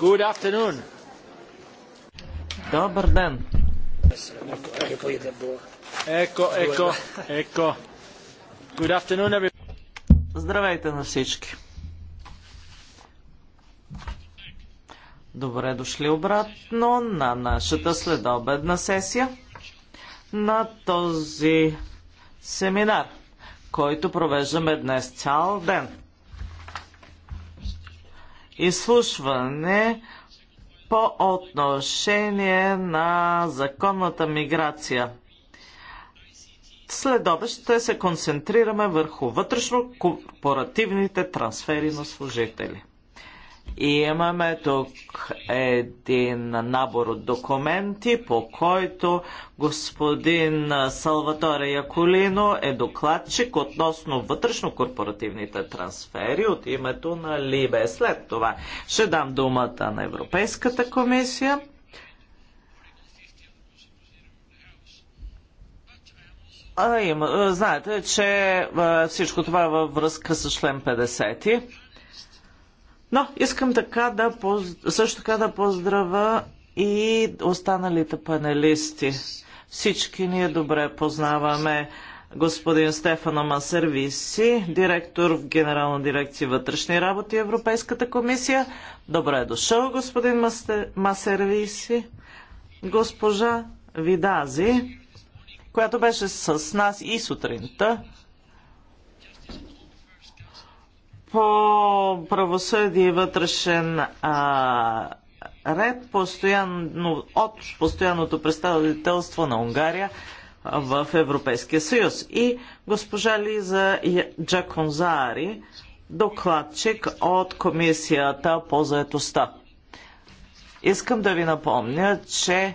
Good afternoon. Добър ден. Еко, еко, еко. Good afternoon, everybody. Здравейте на всички. Добре дошли обратно на нашата следобедна сесия на този семинар, който провеждаме днес цял ден изслушване по отношение на законната миграция. Следобед ще се концентрираме върху вътрешно-корпоративните трансфери на служители. И имаме тук един набор от документи, по който господин Салваторе Яколино е докладчик относно вътрешно-корпоративните трансфери от името на Либе. След това ще дам думата на Европейската комисия. А, има, знаете, че всичко това е във връзка с член 50. Но искам така да, също така да поздравя и останалите панелисти. Всички ние добре познаваме господин Стефана Масервиси, директор в Генерална дирекция вътрешни работи Европейската комисия. Добре е дошъл, господин Масервиси. Госпожа Видази, която беше с нас и сутринта, по правосъдие и вътрешен а, ред постоянно, от постоянното представителство на Унгария в Европейския съюз. И госпожа Лиза Джаконзари, докладчик от Комисията по заетостта. Искам да ви напомня, че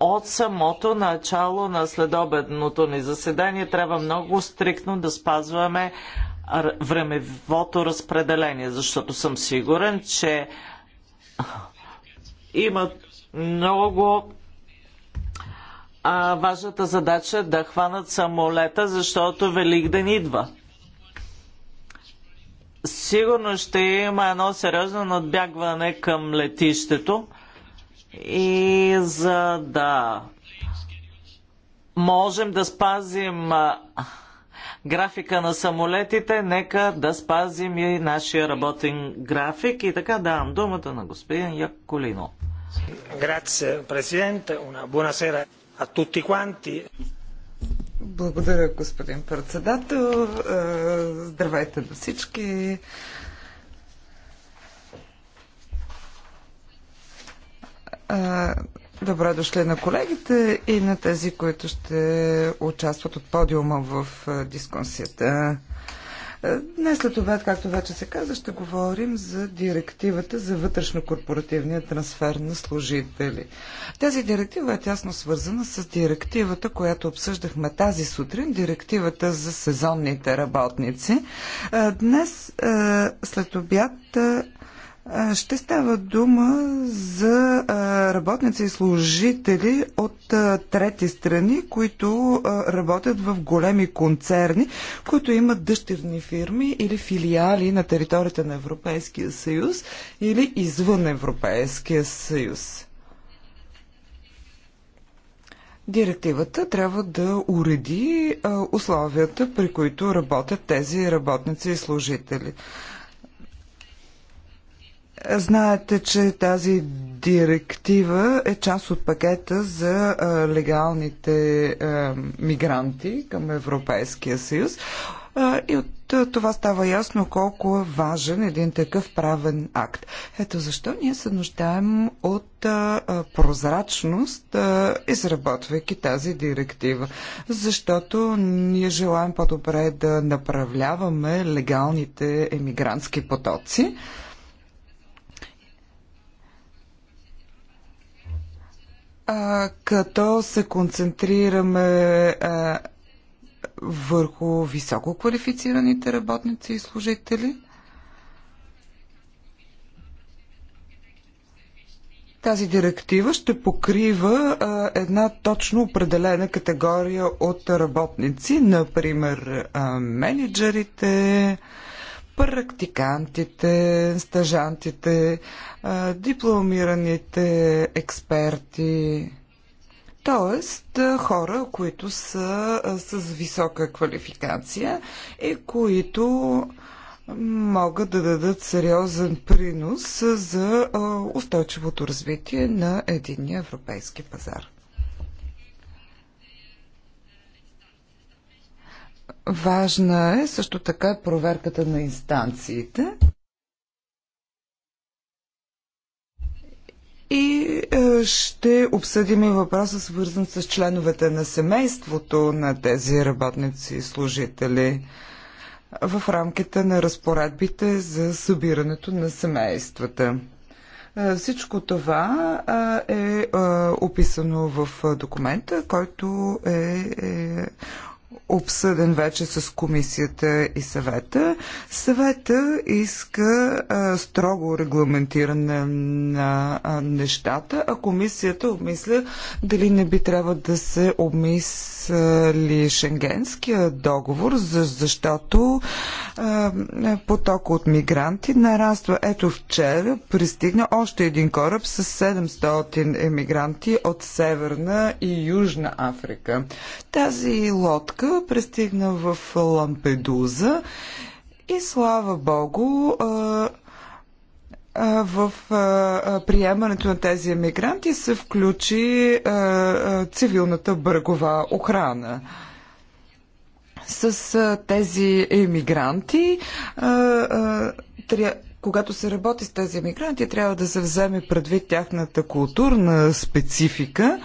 от самото начало на следобедното ни заседание трябва много стриктно да спазваме времевото разпределение, защото съм сигурен, че има много а, важната задача да хванат самолета, защото Великден идва. Сигурно ще има едно сериозно надбягване към летището и за да можем да спазим графика на самолетите, нека да спазим и нашия работен график. И така давам думата на господин Яколино. Грация, президент. Буонасера а тути кванти. Благодаря, господин председател. Е, здравейте на всички. Е, Добре дошли на колегите и на тези, които ще участват от подиума в дискусията. Днес след обед, както вече се каза, ще говорим за директивата за вътрешно-корпоративния трансфер на служители. Тази директива е тясно свързана с директивата, която обсъждахме тази сутрин, директивата за сезонните работници. Днес след обяд ще става дума за работници и служители от трети страни, които работят в големи концерни, които имат дъщерни фирми или филиали на територията на Европейския съюз или извън Европейския съюз. Директивата трябва да уреди условията, при които работят тези работници и служители. Знаете, че тази директива е част от пакета за легалните мигранти към Европейския съюз. И от това става ясно колко е важен един такъв правен акт. Ето защо ние се нуждаем от прозрачност, изработвайки тази директива. Защото ние желаем по-добре да направляваме легалните емигрантски потоци а, като се концентрираме а, върху високо квалифицираните работници и служители. Тази директива ще покрива а, една точно определена категория от работници, например а, менеджерите, практикантите, стажантите, дипломираните експерти. т.е. хора, които са с висока квалификация и които могат да дадат сериозен принос за устойчивото развитие на единния европейски пазар. Важна е също така проверката на инстанциите. И е, ще обсъдим и въпроса, свързан с членовете на семейството на тези работници и служители в рамките на разпоредбите за събирането на семействата. Е, всичко това е, е описано в документа, който е обсъден вече с комисията и съвета. Съвета иска а, строго регламентиране на а, нещата, а комисията обмисля дали не би трябва да се обмисли Шенгенския договор, за, защото а, поток от мигранти нараства. Ето вчера пристигна още един кораб с 700 емигранти от Северна и Южна Африка. Тази лодка лодка, пристигна в Лампедуза и слава богу, в приемането на тези емигранти се включи цивилната бъргова охрана с тези емигранти. Когато се работи с тези емигранти, трябва да се вземе предвид тяхната културна специфика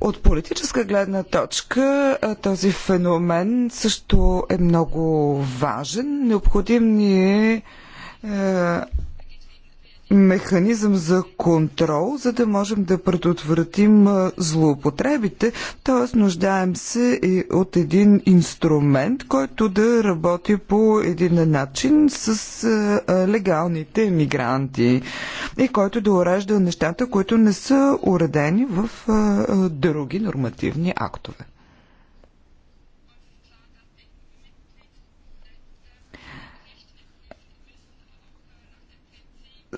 от политическа гледна точка този феномен също е много важен. Необходим ни е, е механизъм за контрол, за да можем да предотвратим злоупотребите, т.е. нуждаем се и от един инструмент, който да работи по един начин с легалните мигранти и който да урежда нещата, които не са уредени в други нормативни актове.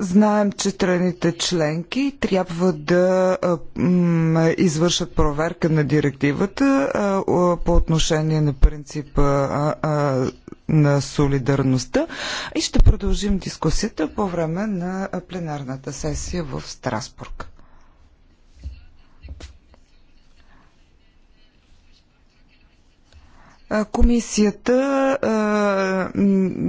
Знаем, че страните членки трябва да извършат проверка на директивата по отношение на принципа на солидарността и ще продължим дискусията по време на пленарната сесия в Страсбург. Комисията а,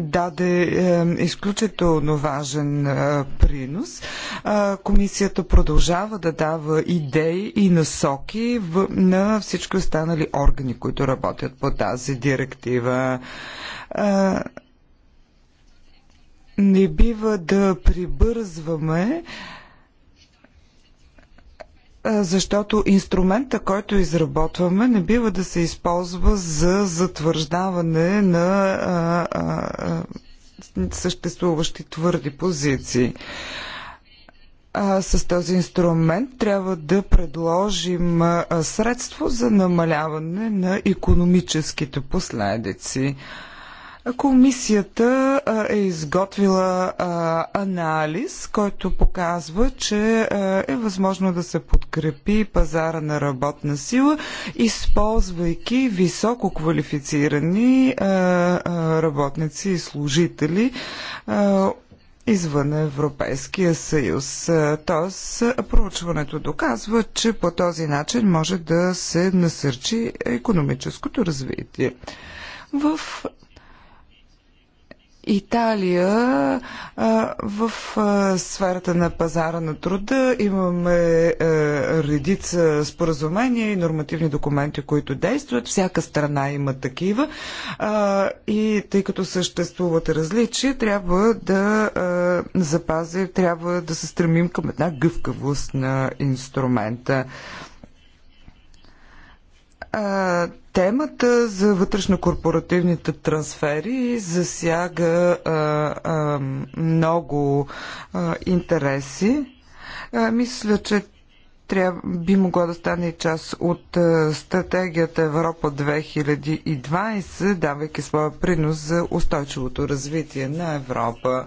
даде а, е, изключително важен а, принос. А, комисията продължава да дава идеи и насоки в, на всички останали органи, които работят по тази директива. А, не бива да прибързваме. А, е, защото инструмента, който изработваме, не бива да се използва за затвърждаване на а, а, съществуващи твърди позиции. А, с този инструмент трябва да предложим а, средство за намаляване на економическите последици. А, Комисията е изготвила анализ, който показва, че е възможно да се подкрепи пазара на работна сила, използвайки високо квалифицирани работници и служители извън Европейския съюз. Тоест, проучването доказва, че по този начин може да се насърчи економическото развитие. В Италия в сферата на пазара на труда имаме редица споразумения и нормативни документи, които действат. Всяка страна има такива. И тъй като съществуват различия, трябва да запази, трябва да се стремим към една гъвкавост на инструмента. А, темата за вътрешно корпоративните трансфери засяга а, а, много а, интереси. А, мисля, че трябва, би могло да стане и част от а, стратегията Европа 2020, давайки своя принос за устойчивото развитие на Европа.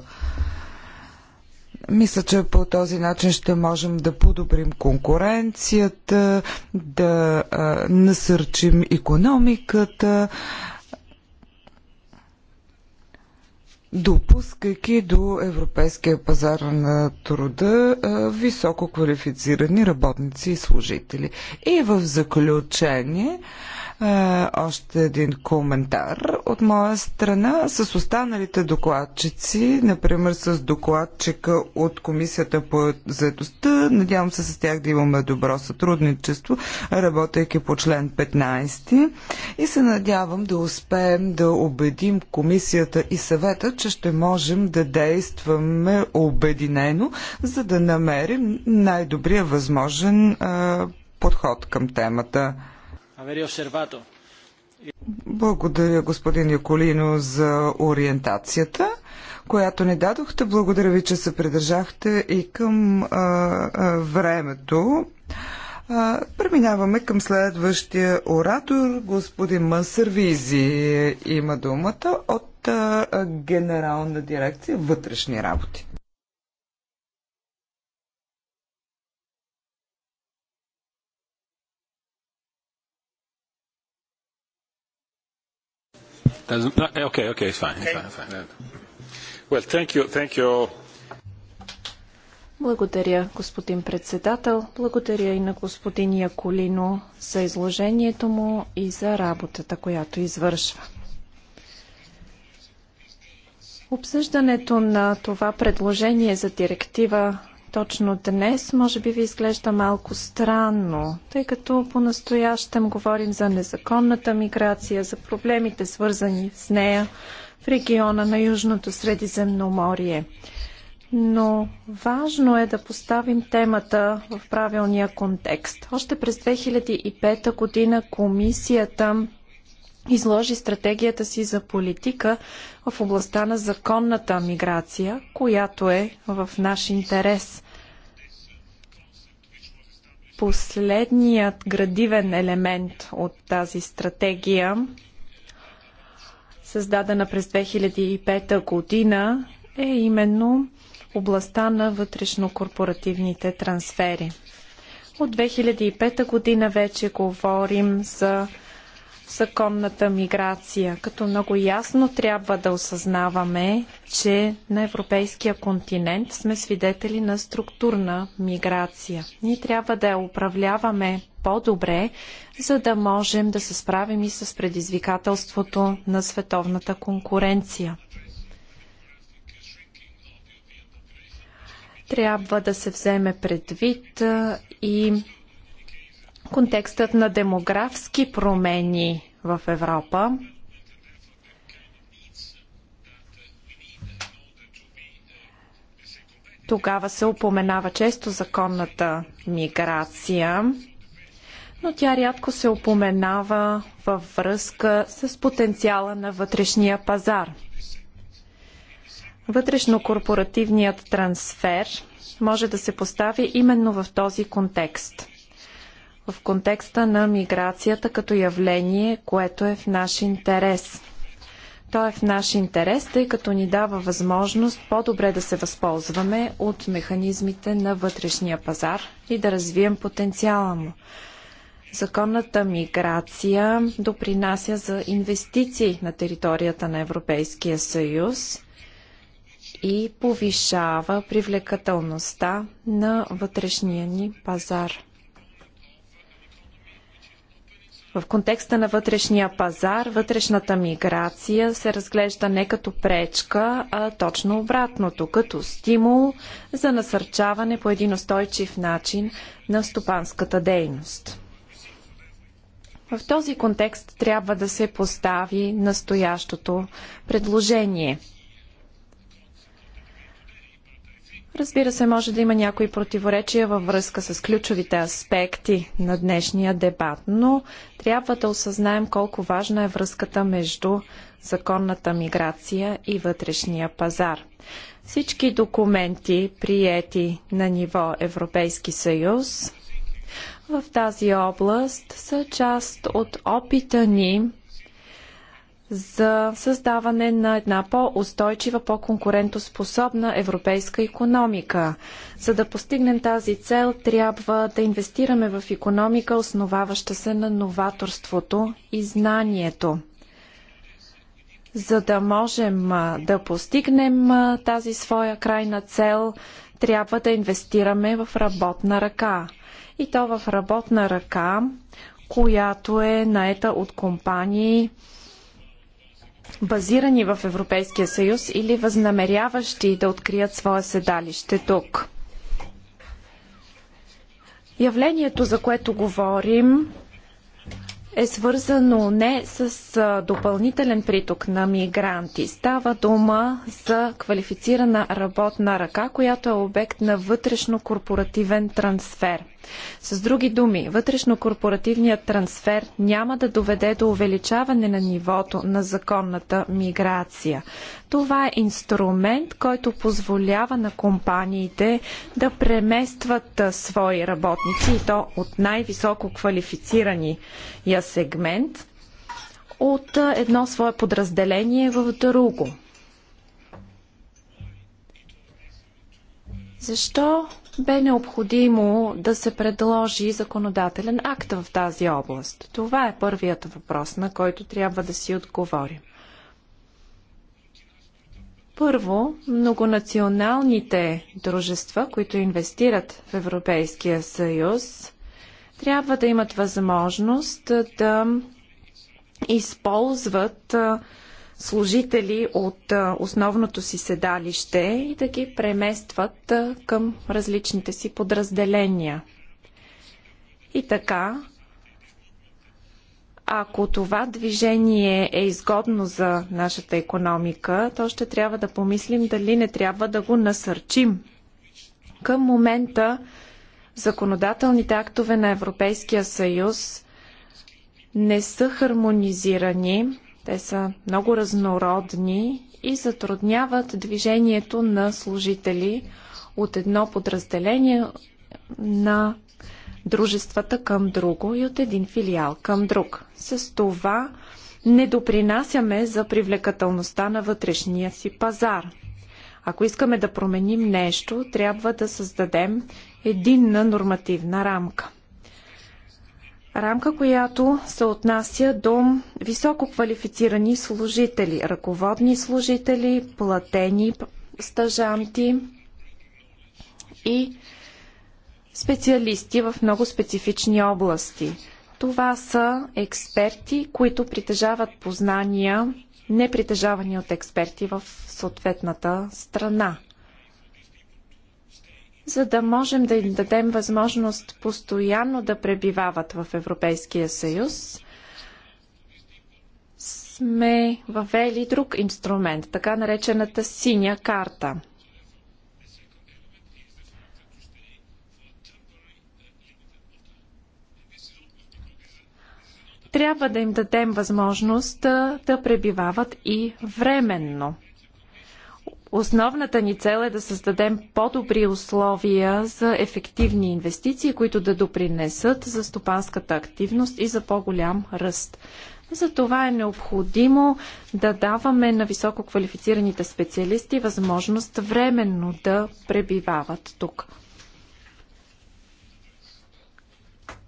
Мисля, че по този начин ще можем да подобрим конкуренцията, да насърчим економиката, допускайки до европейския пазар на труда високо квалифицирани работници и служители. И в заключение, е, още един коментар от моя страна. С останалите докладчици, например с докладчика от Комисията по заедостта, надявам се с тях да имаме добро сътрудничество, работейки по член 15 и се надявам да успеем да убедим Комисията и съвета, че ще можем да действаме обединено, за да намерим най-добрия възможен е, подход към темата. Благодаря, господин Яколино, за ориентацията, която ни дадохте. Благодаря ви, че се придържахте и към а, а, времето. А, преминаваме към следващия оратор. Господин Мансервизи има думата от а, Генерална дирекция вътрешни работи. Doesn't, eh, okay, okay, fine, it's fine, it's fine. Well, thank you, thank you. Благодаря, господин председател. Благодаря и на господин Яколино за изложението му и за работата, която извършва. Обсъждането на това предложение за директива точно днес, може би ви изглежда малко странно, тъй като по-настоящем говорим за незаконната миграция, за проблемите свързани с нея в региона на Южното Средиземноморие. Но важно е да поставим темата в правилния контекст. Още през 2005 година комисията изложи стратегията си за политика в областта на законната миграция, която е в наш интерес. Последният градивен елемент от тази стратегия, създадена през 2005 година, е именно областта на вътрешно-корпоративните трансфери. От 2005 година вече говорим за законната миграция, като много ясно трябва да осъзнаваме, че на европейския континент сме свидетели на структурна миграция. Ние трябва да я управляваме по-добре, за да можем да се справим и с предизвикателството на световната конкуренция. Трябва да се вземе предвид и контекстът на демографски промени в Европа, Тогава се упоменава често законната миграция, но тя рядко се упоменава във връзка с потенциала на вътрешния пазар. Вътрешно-корпоративният трансфер може да се постави именно в този контекст в контекста на миграцията като явление, което е в наш интерес. То е в наш интерес, тъй като ни дава възможност по-добре да се възползваме от механизмите на вътрешния пазар и да развием потенциала му. Законната миграция допринася за инвестиции на територията на Европейския съюз и повишава привлекателността на вътрешния ни пазар. В контекста на вътрешния пазар, вътрешната миграция се разглежда не като пречка, а точно обратното, като стимул за насърчаване по един устойчив начин на стопанската дейност. В този контекст трябва да се постави настоящото предложение – Разбира се, може да има някои противоречия във връзка с ключовите аспекти на днешния дебат, но трябва да осъзнаем колко важна е връзката между законната миграция и вътрешния пазар. Всички документи, приети на ниво Европейски съюз, в тази област са част от опита ни за създаване на една по-устойчива, по-конкурентоспособна европейска економика. За да постигнем тази цел, трябва да инвестираме в економика, основаваща се на новаторството и знанието. За да можем да постигнем тази своя крайна цел, трябва да инвестираме в работна ръка. И то в работна ръка, която е наета от компании, базирани в Европейския съюз или възнамеряващи да открият свое седалище тук. Явлението, за което говорим, е свързано не с допълнителен приток на мигранти. Става дума за квалифицирана работна ръка, която е обект на вътрешно корпоративен трансфер. С други думи, вътрешно-корпоративният трансфер няма да доведе до увеличаване на нивото на законната миграция. Това е инструмент, който позволява на компаниите да преместват свои работници и то от най-високо квалифицирания сегмент от едно свое подразделение в друго. Защо бе необходимо да се предложи законодателен акт в тази област? Това е първият въпрос, на който трябва да си отговорим. Първо, многонационалните дружества, които инвестират в Европейския съюз, трябва да имат възможност да използват служители от основното си седалище и да ги преместват към различните си подразделения. И така, ако това движение е изгодно за нашата економика, то ще трябва да помислим дали не трябва да го насърчим. Към момента законодателните актове на Европейския съюз не са хармонизирани те са много разнородни и затрудняват движението на служители от едно подразделение на дружествата към друго и от един филиал към друг. С това не допринасяме за привлекателността на вътрешния си пазар. Ако искаме да променим нещо, трябва да създадем единна нормативна рамка. Рамка, която се отнася до високо квалифицирани служители, ръководни служители, платени стажанти и специалисти в много специфични области. Това са експерти, които притежават познания, не притежавани от експерти в съответната страна за да можем да им дадем възможност постоянно да пребивават в Европейския съюз, сме въвели друг инструмент, така наречената синя карта. Трябва да им дадем възможност да пребивават и временно. Основната ни цел е да създадем по-добри условия за ефективни инвестиции, които да допринесат за стопанската активност и за по-голям ръст. За това е необходимо да даваме на високо квалифицираните специалисти възможност временно да пребивават тук.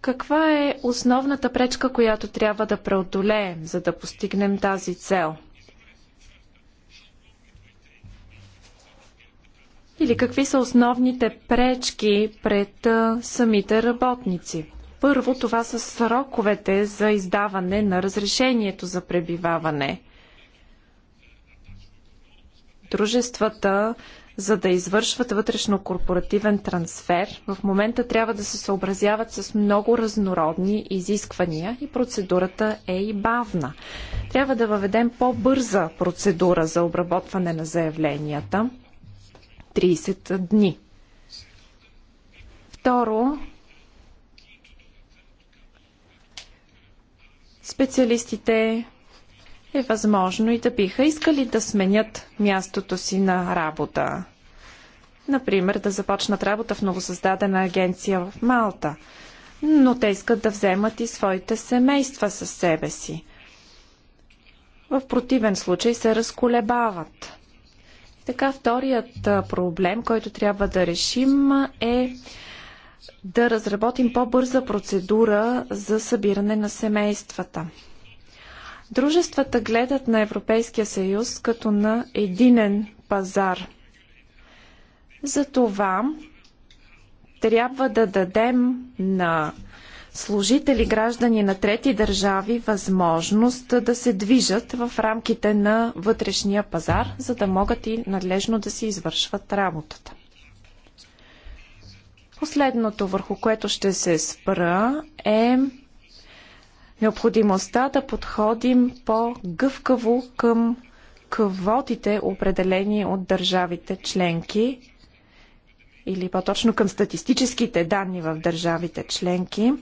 Каква е основната пречка, която трябва да преодолеем, за да постигнем тази цел? Или какви са основните пречки пред самите работници? Първо, това са сроковете за издаване на разрешението за пребиваване. Дружествата, за да извършват вътрешно-корпоративен трансфер, в момента трябва да се съобразяват с много разнородни изисквания и процедурата е и бавна. Трябва да въведем по-бърза процедура за обработване на заявленията – 30 дни. Второ, специалистите е възможно и да биха искали да сменят мястото си на работа. Например, да започнат работа в новосъздадена агенция в Малта. Но те искат да вземат и своите семейства със себе си. В противен случай се разколебават. Така, вторият проблем, който трябва да решим е да разработим по-бърза процедура за събиране на семействата. Дружествата гледат на Европейския съюз като на единен пазар. Затова трябва да дадем на служители, граждани на трети държави възможност да се движат в рамките на вътрешния пазар, за да могат и надлежно да си извършват работата. Последното, върху което ще се спра, е необходимостта да подходим по-гъвкаво към квотите, определени от държавите членки, или по-точно към статистическите данни в държавите членки.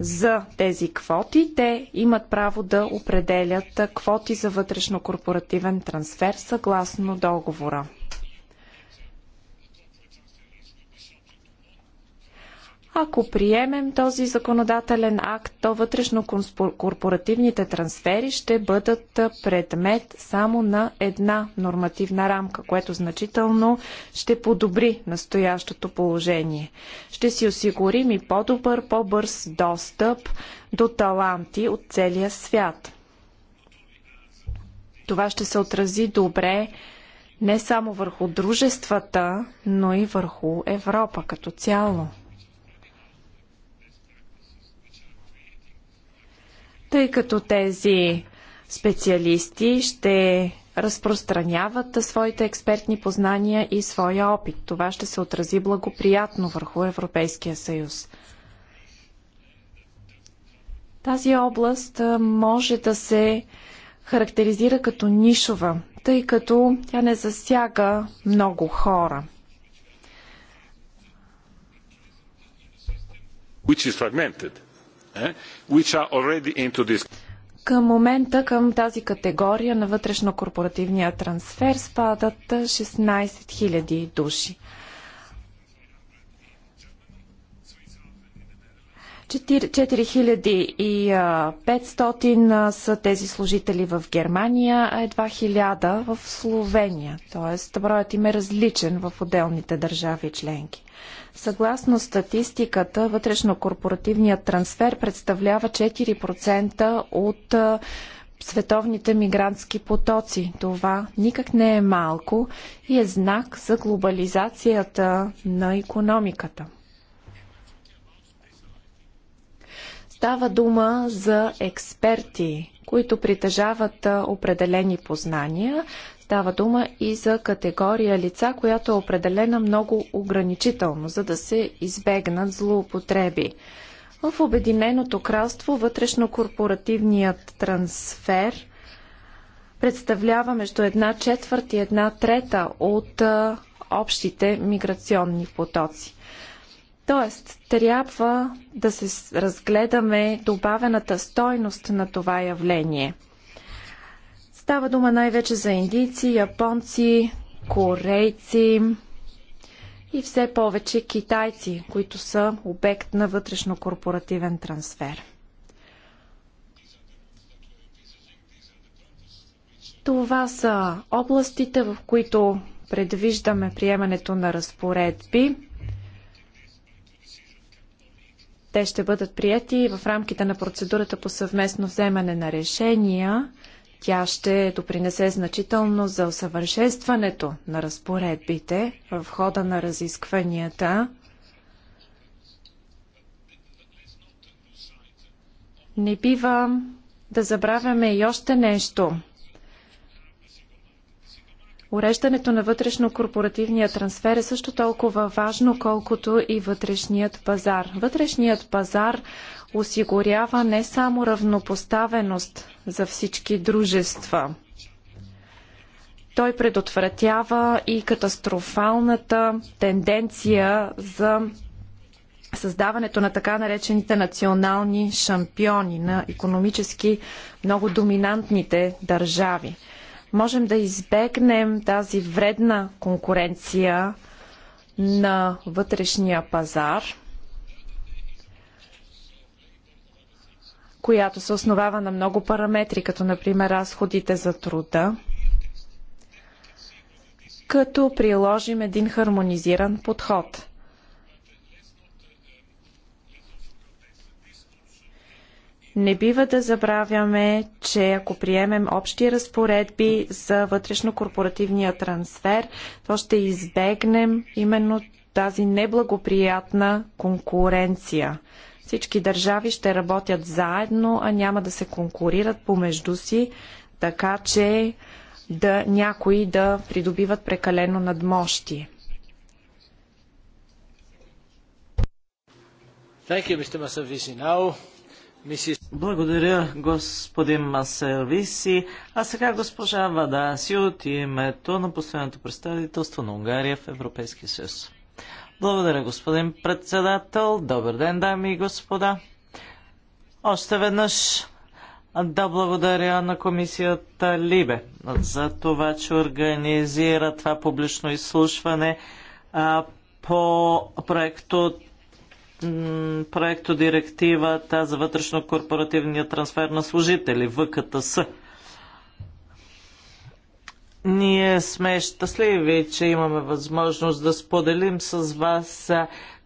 за тези квоти. Те имат право да определят квоти за вътрешно корпоративен трансфер съгласно договора. Ако приемем този законодателен акт, то вътрешно корпоративните трансфери ще бъдат предмет само на една нормативна рамка, което значително ще подобри настоящото положение. Ще си осигурим и по-добър, по-бърз достъп до таланти от целия свят. Това ще се отрази добре не само върху дружествата, но и върху Европа като цяло. тъй като тези специалисти ще разпространяват своите експертни познания и своя опит. Това ще се отрази благоприятно върху Европейския съюз. Тази област може да се характеризира като нишова, тъй като тя не засяга много хора. Which is fragmented. Eh, which are already into this. Към момента към тази категория на вътрешно-корпоративния трансфер спадат 16 000 души. 4500 са тези служители в Германия, а едва 1000 в Словения. Тоест, броят им е различен в отделните държави членки. Съгласно статистиката, вътрешно-корпоративният трансфер представлява 4% от световните мигрантски потоци. Това никак не е малко и е знак за глобализацията на економиката. Става дума за експерти, които притежават определени познания. Става дума и за категория лица, която е определена много ограничително, за да се избегнат злоупотреби. В Обединеното кралство вътрешно-корпоративният трансфер представлява между една четвърт и една трета от общите миграционни потоци. Тоест, трябва да се разгледаме добавената стойност на това явление. Става дума най-вече за индийци, японци, корейци и все повече китайци, които са обект на вътрешно-корпоративен трансфер. Това са областите, в които предвиждаме приемането на разпоредби те ще бъдат прияти в рамките на процедурата по съвместно вземане на решения. Тя ще допринесе значително за усъвършенстването на разпоредбите в хода на разискванията. Не бива да забравяме и още нещо – Уреждането на вътрешно-корпоративния трансфер е също толкова важно, колкото и вътрешният пазар. Вътрешният пазар осигурява не само равнопоставеност за всички дружества. Той предотвратява и катастрофалната тенденция за създаването на така наречените национални шампиони на економически много доминантните държави можем да избегнем тази вредна конкуренция на вътрешния пазар, която се основава на много параметри, като например разходите за труда, като приложим един хармонизиран подход. Не бива да забравяме, че ако приемем общи разпоредби за вътрешно-корпоративния трансфер, то ще избегнем именно тази неблагоприятна конкуренция. Всички държави ще работят заедно, а няма да се конкурират помежду си, така че да някои да придобиват прекалено надмощи. Thank you, Mr. Masavisi. Now благодаря, господин Масервиси. А сега госпожа Вадаси от името на Последното представителство на Унгария в Европейския съюз. Благодаря, господин председател. Добър ден, дами и господа. Още веднъж да благодаря на комисията Либе за това, че организира това публично изслушване по по от проекто директивата за вътрешно-корпоративния трансфер на служители, ВКТС. Ние сме щастливи, че имаме възможност да споделим с вас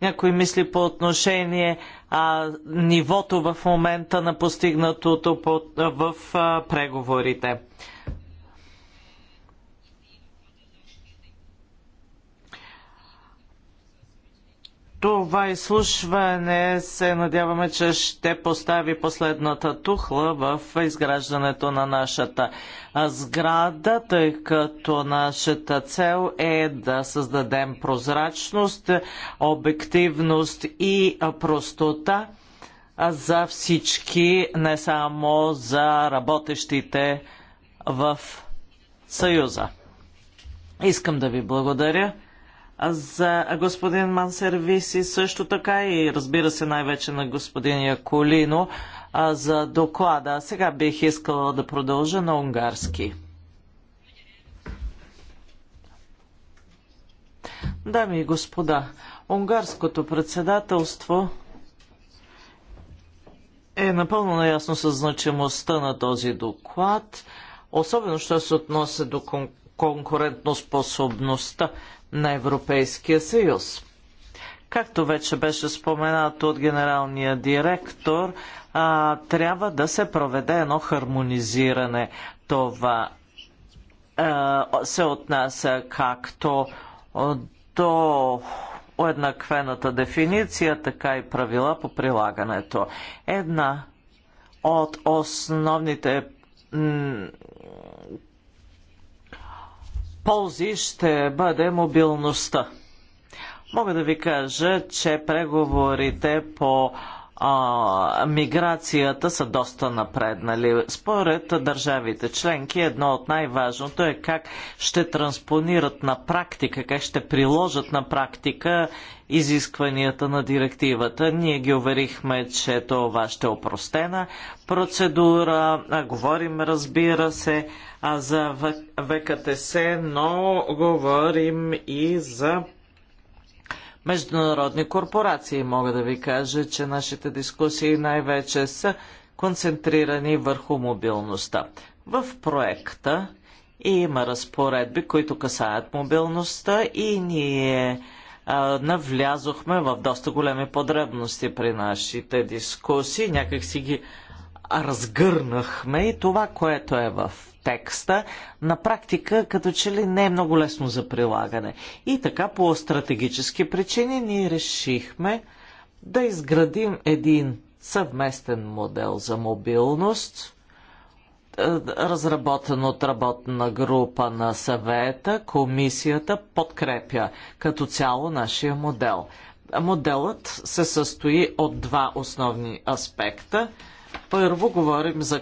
някои мисли по отношение а, нивото в момента на постигнатото по, в а, преговорите. Това изслушване се надяваме, че ще постави последната тухла в изграждането на нашата сграда, тъй като нашата цел е да създадем прозрачност, обективност и простота за всички, не само за работещите в Съюза. Искам да ви благодаря за господин Мансервиси, също така и разбира се най-вече на господин Яколино за доклада. Сега бих искала да продължа на унгарски. Дами и господа, унгарското председателство е напълно наясно със значимостта на този доклад, особено що се относи до конкурентоспособността на Европейския съюз. Както вече беше споменато от генералния директор, а, трябва да се проведе едно хармонизиране. Това а, се отнася както до уеднаквената дефиниция, така и правила по прилагането. Една от основните ползи ще бъде мобилността. Мога да ви кажа, че преговорите по а, миграцията са доста напреднали. Според държавите членки, едно от най-важното е как ще транспонират на практика, как ще приложат на практика изискванията на директивата. Ние ги уверихме, че това ще е опростена процедура. А, говорим, разбира се, за ВКТС, но говорим и за международни корпорации. Мога да ви кажа, че нашите дискусии най-вече са концентрирани върху мобилността. В проекта има разпоредби, които касаят мобилността и ние навлязохме в доста големи подребности при нашите дискусии. Някак си ги разгърнахме и това, което е в текста, на практика като че ли не е много лесно за прилагане. И така по стратегически причини ние решихме да изградим един съвместен модел за мобилност, е, разработен от работна група на съвета, комисията подкрепя като цяло нашия модел. Моделът се състои от два основни аспекта – първо говорим за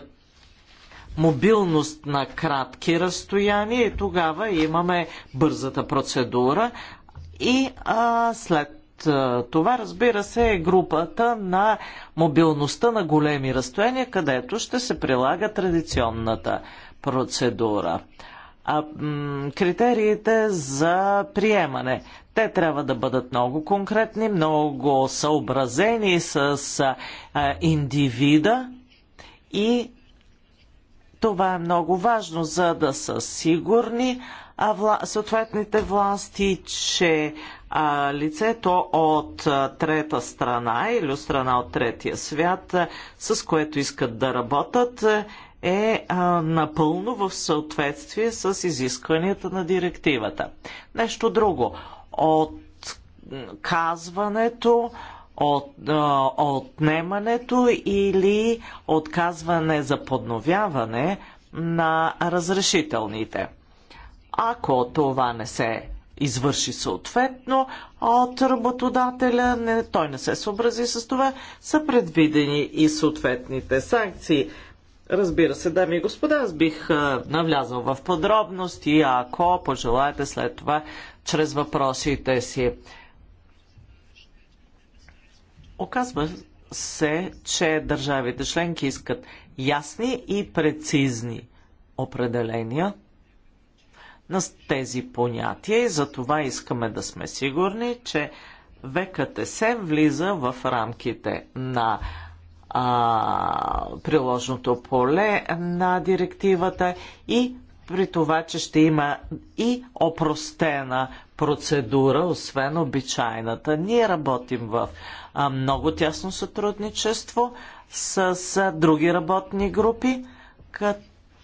мобилност на кратки разстояния и тогава имаме бързата процедура и а, след това, разбира се, е групата на мобилността на големи разстояния, където ще се прилага традиционната процедура. А, критериите за приемане. Те трябва да бъдат много конкретни, много съобразени с а, индивида, и това е много важно, за да са сигурни а вла... съответните власти, че а, лицето от а, трета страна или от страна от третия свят, а, с което искат да работят, е а, напълно в съответствие с изискванията на директивата. Нещо друго. Отказването от, а, отнемането или отказване за подновяване на разрешителните. Ако това не се извърши съответно от работодателя, не, той не се съобрази с това, са предвидени и съответните санкции. Разбира се, дами и господа, аз бих навлязал в подробности, ако пожелаете след това чрез въпросите си. Оказва се, че държавите членки искат ясни и прецизни определения на тези понятия и за това искаме да сме сигурни, че ВКТС влиза в рамките на а, приложното поле на директивата и при това, че ще има и опростена процедура, освен обичайната. Ние работим в много тясно сътрудничество с други работни групи, като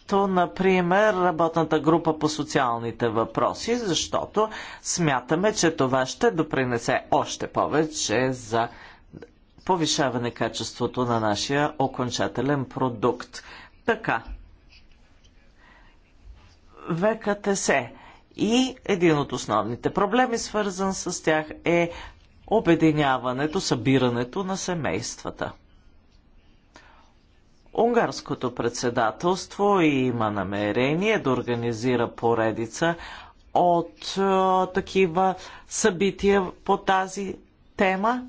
то, например, работната група по социалните въпроси, защото смятаме, че това ще допринесе още повече за повишаване качеството на нашия окончателен продукт. Така, ВКТС. И един от основните проблеми, свързан с тях, е обединяването, събирането на семействата. Унгарското председателство има намерение да организира поредица от такива събития по тази тема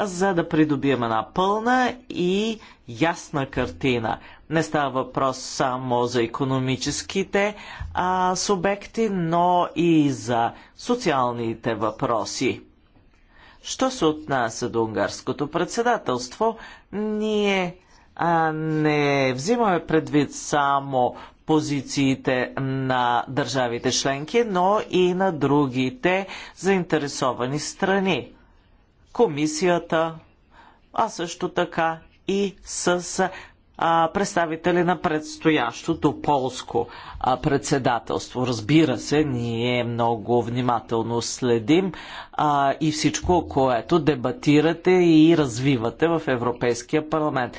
за да придобием една пълна и ясна картина. Не става въпрос само за економическите а, субекти, но и за социалните въпроси. Що се отнася до унгарското председателство, ние а, не взимаме предвид само позициите на държавите членки, но и на другите заинтересовани страни комисията, а също така и с представители на предстоящото полско председателство. Разбира се, ние много внимателно следим а, и всичко, което дебатирате и развивате в Европейския парламент.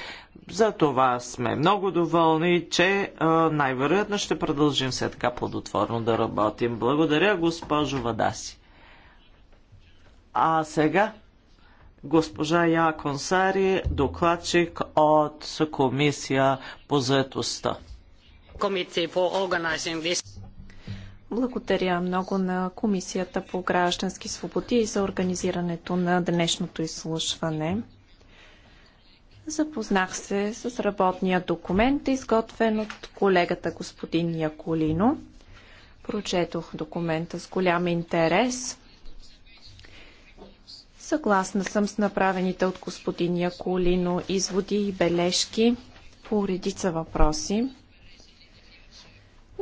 За това сме много доволни, че най-вероятно ще продължим все така плодотворно да работим. Благодаря, госпожо Вадаси. А сега госпожа Яконсари, докладчик от Комисия по заетостта. Благодаря много на Комисията по граждански свободи и за организирането на днешното изслушване. Запознах се с работния документ, изготвен от колегата господин Яколино. Прочетох документа с голям интерес. Съгласна съм с направените от господин Яколино изводи и бележки по редица въпроси.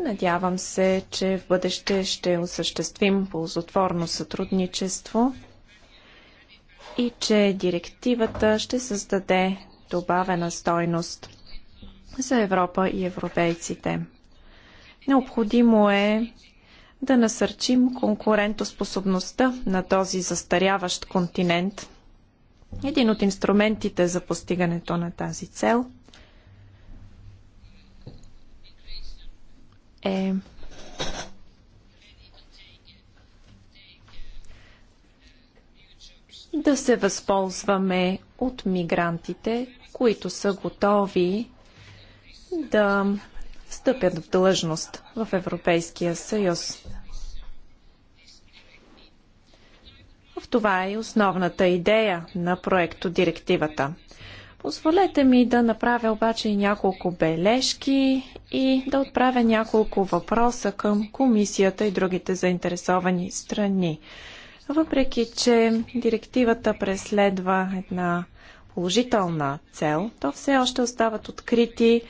Надявам се, че в бъдеще ще осъществим ползотворно сътрудничество и че директивата ще създаде добавена стойност за Европа и европейците. Необходимо е да насърчим конкурентоспособността на този застаряващ континент. Един от инструментите за постигането на тази цел е да се възползваме от мигрантите, които са готови да встъпят в длъжност в Европейския съюз. В това е и основната идея на проекто директивата. Позволете ми да направя обаче и няколко бележки и да отправя няколко въпроса към комисията и другите заинтересовани страни. Въпреки, че директивата преследва една положителна цел, то все още остават открити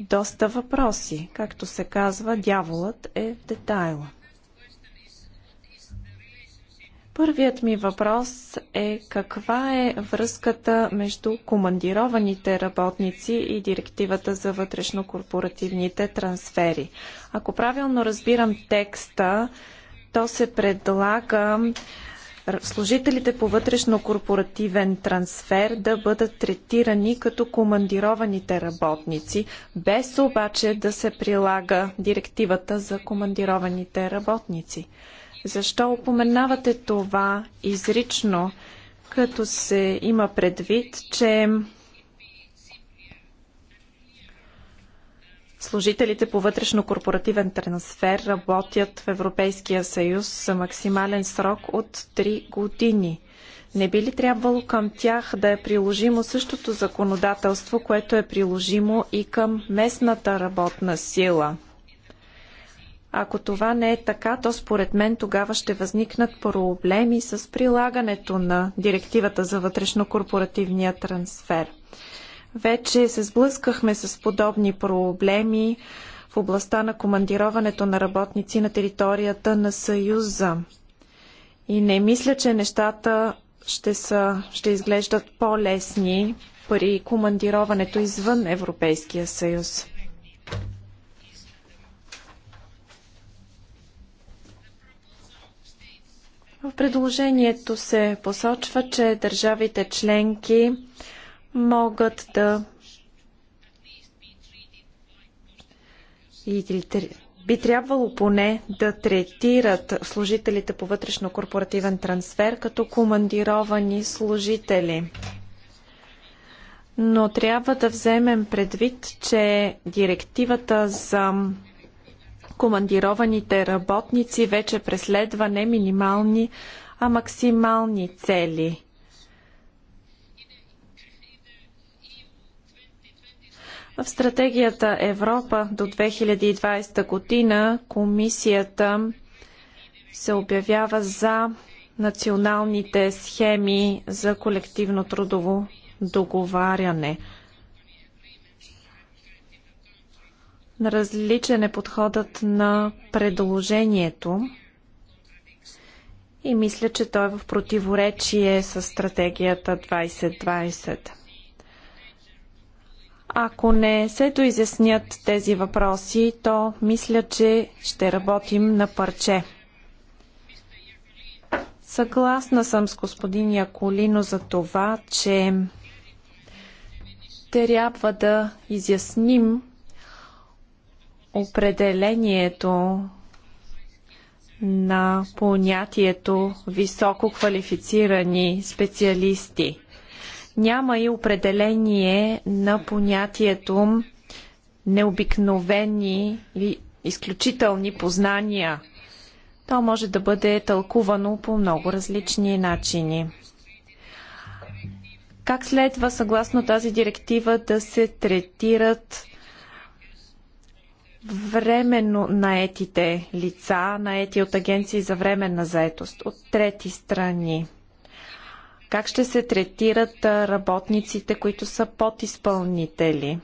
доста въпроси. Както се казва, дяволът е в детайла. Първият ми въпрос е каква е връзката между командированите работници и директивата за вътрешно-корпоративните трансфери. Ако правилно разбирам текста, то се предлага служителите по вътрешно-корпоративен трансфер да бъдат третирани като командированите работници, без обаче да се прилага директивата за командированите работници. Защо упоменавате това изрично, като се има предвид, че Служителите по вътрешно-корпоративен трансфер работят в Европейския съюз за максимален срок от 3 години. Не би ли трябвало към тях да е приложимо същото законодателство, което е приложимо и към местната работна сила? Ако това не е така, то според мен тогава ще възникнат проблеми с прилагането на директивата за вътрешно-корпоративния трансфер. Вече се сблъскахме с подобни проблеми в областта на командироването на работници на територията на Съюза. И не мисля, че нещата ще, са, ще изглеждат по-лесни при командироването извън Европейския съюз. В предложението се посочва, че държавите членки могат да или би трябвало поне да третират служителите по вътрешно-корпоративен трансфер като командировани служители. Но трябва да вземем предвид, че директивата за командированите работници вече преследва не минимални, а максимални цели. В стратегията Европа до 2020 година комисията се обявява за националните схеми за колективно трудово договаряне. Различен е подходът на предложението и мисля, че той е в противоречие с стратегията 2020. Ако не се доизяснят тези въпроси, то мисля, че ще работим на парче. Съгласна съм с господин Яколино за това, че трябва да изясним определението на понятието високо квалифицирани специалисти. Няма и определение на понятието необикновени или изключителни познания. То може да бъде тълкувано по много различни начини. Как следва, съгласно тази директива, да се третират временно наетите лица, наети от агенции за временна заетост от трети страни? Как ще се третират работниците, които са подизпълнители?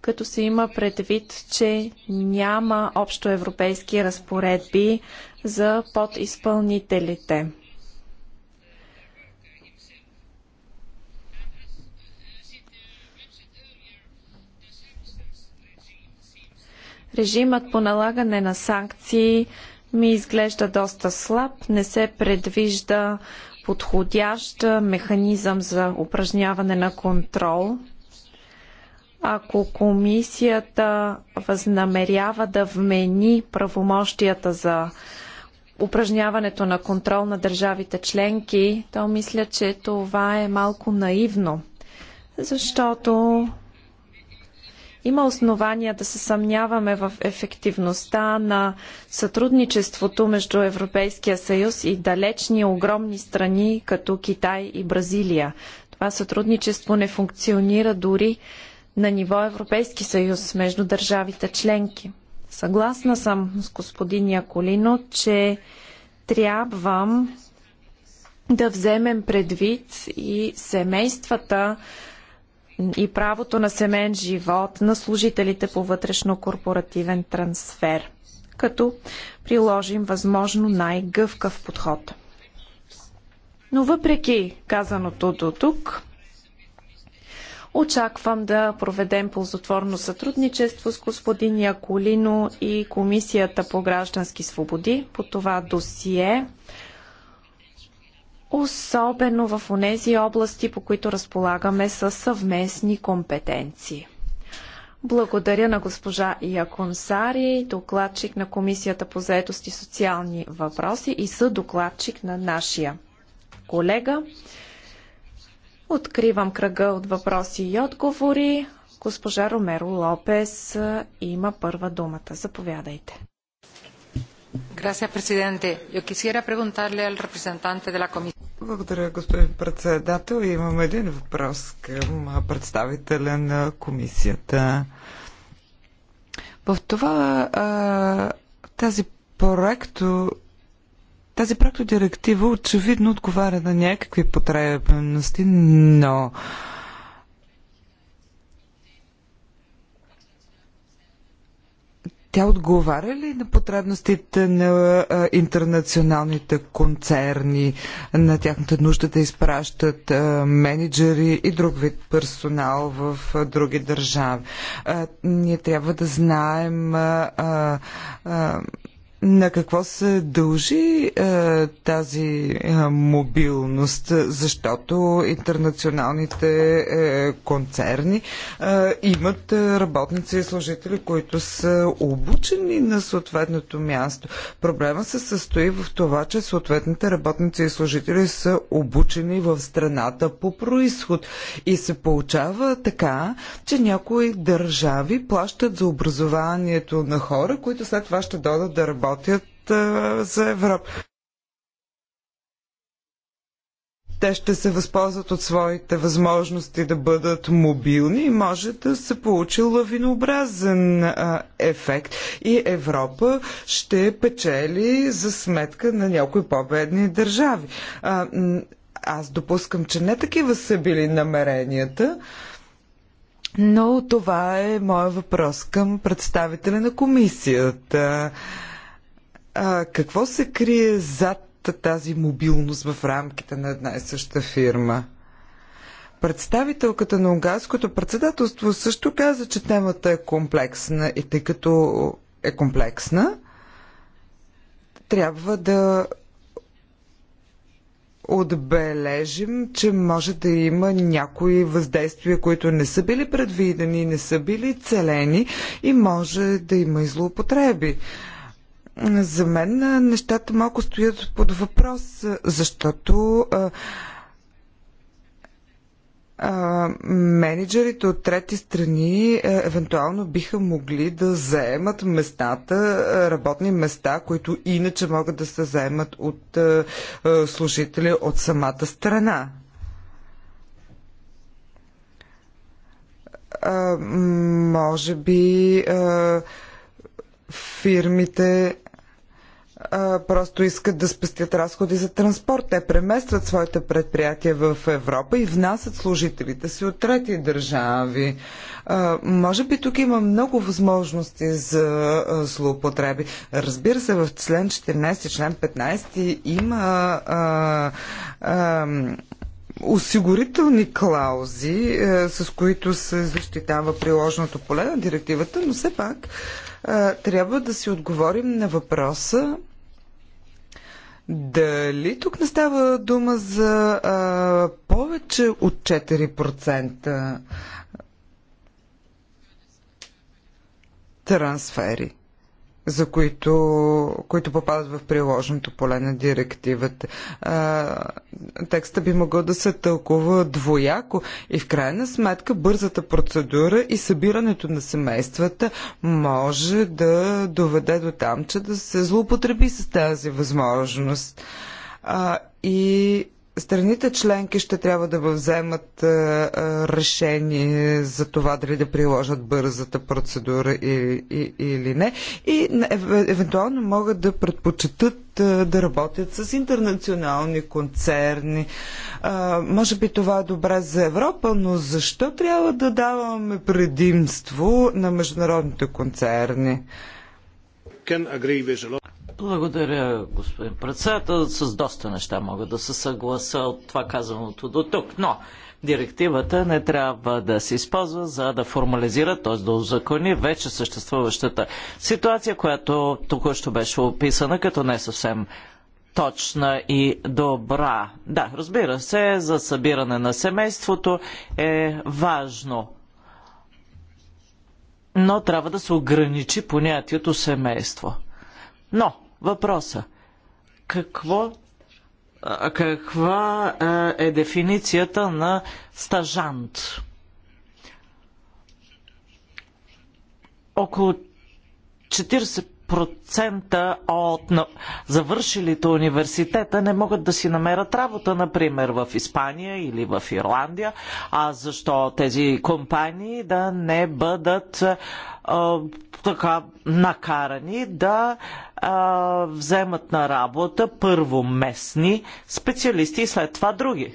Като се има предвид, че няма общо европейски разпоредби за подизпълнителите. Режимът по налагане на санкции ми изглежда доста слаб, не се предвижда подходящ механизъм за упражняване на контрол, ако комисията възнамерява да вмени правомощията за упражняването на контрол на държавите членки, то мисля, че това е малко наивно, защото има основания да се съмняваме в ефективността на сътрудничеството между Европейския съюз и далечни огромни страни като Китай и Бразилия. Това сътрудничество не функционира дори на ниво Европейски съюз между държавите членки. Съгласна съм с господин Яколино, че трябва да вземем предвид и семействата и правото на семен живот на служителите по вътрешно-корпоративен трансфер, като приложим възможно най-гъвкав подход. Но въпреки казаното до тук, очаквам да проведем ползотворно сътрудничество с господин Яколино и Комисията по граждански свободи по това досие особено в онези области, по които разполагаме с съвместни компетенции. Благодаря на госпожа Яконсари, докладчик на Комисията по заедост и социални въпроси и съдокладчик на нашия колега. Откривам кръга от въпроси и отговори. Госпожа Ромеро Лопес има първа думата. Заповядайте. Gracias, presidente. Yo quisiera preguntarle al representante de la Comisión. Благодаря, господин председател. Имам един въпрос към представителя на комисията. В това тази проекто тази директива очевидно отговаря на някакви потребности, но Тя отговаря ли на потребностите на интернационалните концерни, на тяхната нужда да изпращат менеджери и друг вид персонал в други държави? Ние трябва да знаем на какво се дължи а, е, тази а, е, мобилност? Защото интернационалните е, концерни а, е, имат работници и служители, които са обучени на съответното място. Проблема се състои в това, че съответните работници и служители са обучени в страната по происход. И се получава така, че някои държави плащат за образованието на хора, които след това ще додат да работят работят за Европа. Те ще се възползват от своите възможности да бъдат мобилни и може да се получи лавинообразен а, ефект. И Европа ще печели за сметка на някои по-бедни държави. А, аз допускам, че не такива са били намеренията. Но това е моят въпрос към представителя на комисията. А, какво се крие зад тази мобилност в рамките на една и съща фирма? Представителката на унгарското председателство също каза, че темата е комплексна и тъй като е комплексна, трябва да отбележим, че може да има някои въздействия, които не са били предвидени, не са били целени и може да има и злоупотреби. За мен нещата малко стоят под въпрос, защото а, а, менеджерите от трети страни а, евентуално биха могли да заемат местата, работни места, които иначе могат да се заемат от а, служители от самата страна. А, може би а, фирмите а, просто искат да спестят разходи за транспорт. Те преместват своите предприятия в Европа и внасят служителите си от трети държави. А, може би тук има много възможности за а, злоупотреби. Разбира се, в член 14, член 15 има. А, а, осигурителни клаузи, е, с които се защитава приложеното поле на директивата, но все пак е, трябва да си отговорим на въпроса дали тук не става дума за а, повече от 4% трансфери? за които, които попадат в приложното поле на директивата. А, текста би могъл да се тълкува двояко и в крайна сметка бързата процедура и събирането на семействата може да доведе до там, че да се злоупотреби с тази възможност. А, и страните членки ще трябва да вземат е, е, решение за това дали да приложат бързата процедура или, или не и евентуално могат да предпочитат е, да работят с интернационални концерни. може би това е добре за Европа, но защо трябва да даваме предимство на международните концерни? Благодаря, господин председател. С доста неща мога да се съгласа от това казаното до тук, но директивата не трябва да се използва за да формализира, т.е. да узакони вече съществуващата ситуация, която току-що беше описана като не съвсем точна и добра. Да, разбира се, за събиране на семейството е важно но трябва да се ограничи понятието семейство. Но въпроса. Какво, каква е дефиницията на стажант? Около 40 процента от завършилите университета не могат да си намерят работа, например в Испания или в Ирландия, а защо тези компании да не бъдат а, така накарани да а, вземат на работа първо местни специалисти и след това други.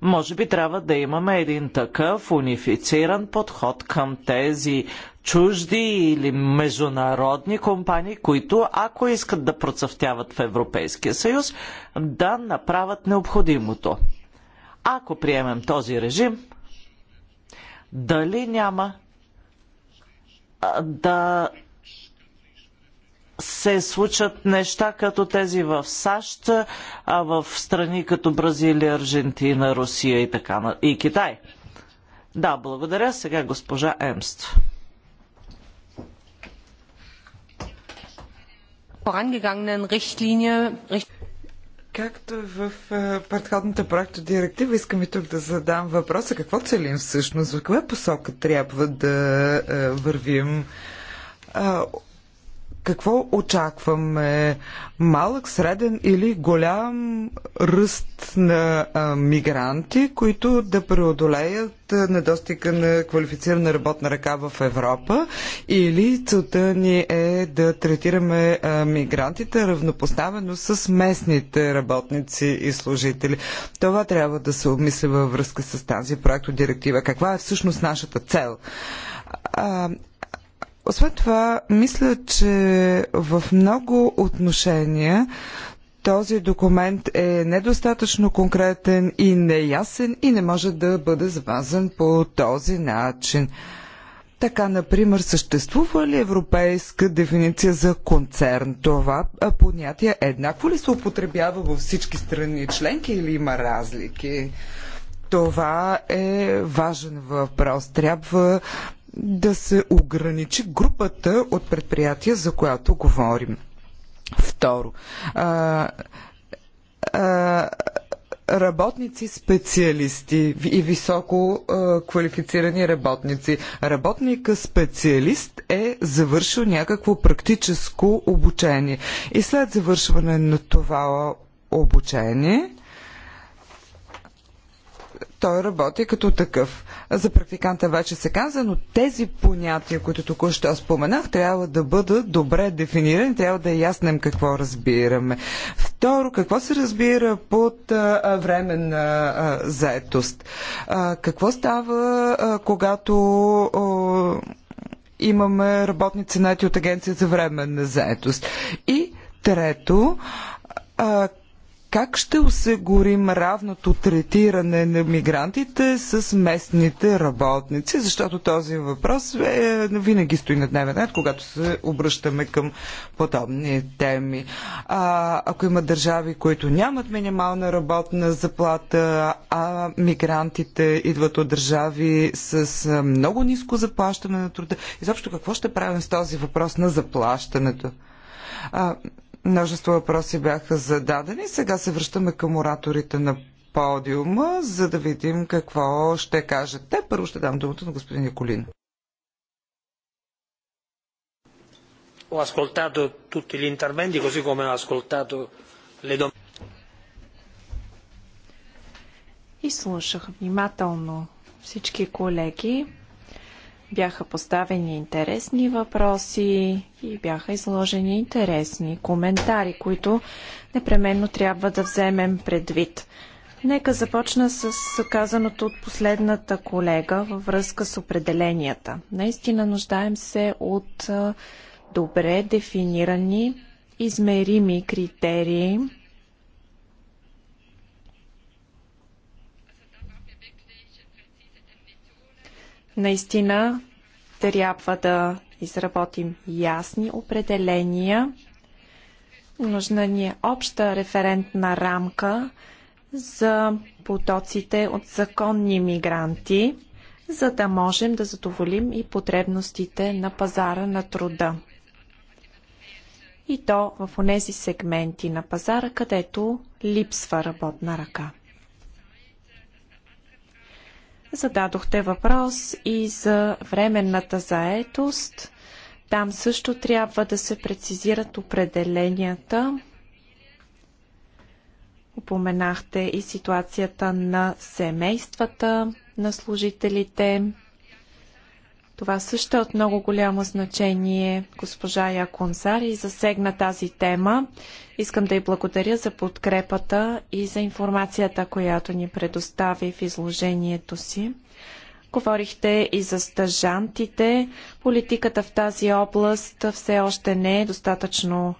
Може би трябва да имаме един такъв унифициран подход към тези чужди или международни компании, които, ако искат да процъфтяват в Европейския съюз, да направят необходимото. Ако приемем този режим, дали няма да се случат неща като тези в САЩ, а в страни като Бразилия, Аржентина, Русия и, така, и Китай. Да, благодаря. Сега госпожа Емст. Както в предходната проекта директива, искам и тук да задам въпроса какво целим всъщност, в каква посока трябва да вървим какво очакваме? Малък, среден или голям ръст на а, мигранти, които да преодолеят недостига на квалифицирана работна ръка в Европа? Или целта ни е да третираме а, мигрантите равнопоставено с местните работници и служители? Това трябва да се обмисли във връзка с тази проектодиректива. Каква е всъщност нашата цел? А, освен това, мисля, че в много отношения този документ е недостатъчно конкретен и неясен и не може да бъде запазен по този начин. Така, например, съществува ли европейска дефиниция за концерн? Това понятие еднакво ли се употребява във всички страни членки или има разлики? Това е важен въпрос. Трябва да се ограничи групата от предприятия, за която говорим. Второ, а, а, работници специалисти и високо а, квалифицирани работници. Работника специалист е завършил някакво практическо обучение. И след завършване на това обучение той работи като такъв. За практиканта вече се каза, но тези понятия, които току-що споменах, трябва да бъдат добре дефинирани, трябва да е яснем какво разбираме. Второ, какво се разбира под временна заетост? А, какво става, а, когато а, имаме работници ценати от агенция за временна заетост? И трето, как ще осигурим равното третиране на мигрантите с местните работници? Защото този въпрос е, винаги стои на дневен ред, когато се обръщаме към подобни теми. А, ако има държави, които нямат минимална работна заплата, а мигрантите идват от държави с много ниско заплащане на труда, изобщо какво ще правим с този въпрос на заплащането? А, Множество въпроси бяха зададени. Сега се връщаме към ораторите на подиума, за да видим какво ще кажат те. Първо ще дам думата на господин Николин. И слушах внимателно всички колеги. Бяха поставени интересни въпроси и бяха изложени интересни коментари, които непременно трябва да вземем предвид. Нека започна с казаното от последната колега във връзка с определенията. Наистина нуждаем се от добре дефинирани, измерими критерии Наистина трябва да изработим ясни определения. Нужна ни е обща референтна рамка за потоците от законни мигранти, за да можем да задоволим и потребностите на пазара на труда. И то в онези сегменти на пазара, където липсва работна ръка. Зададохте въпрос и за временната заетост. Там също трябва да се прецизират определенията. Упоменахте и ситуацията на семействата на служителите. Това също е от много голямо значение. Госпожа Яконсари засегна тази тема. Искам да й благодаря за подкрепата и за информацията, която ни предостави в изложението си. Говорихте и за стъжантите. Политиката в тази област все още не е достатъчно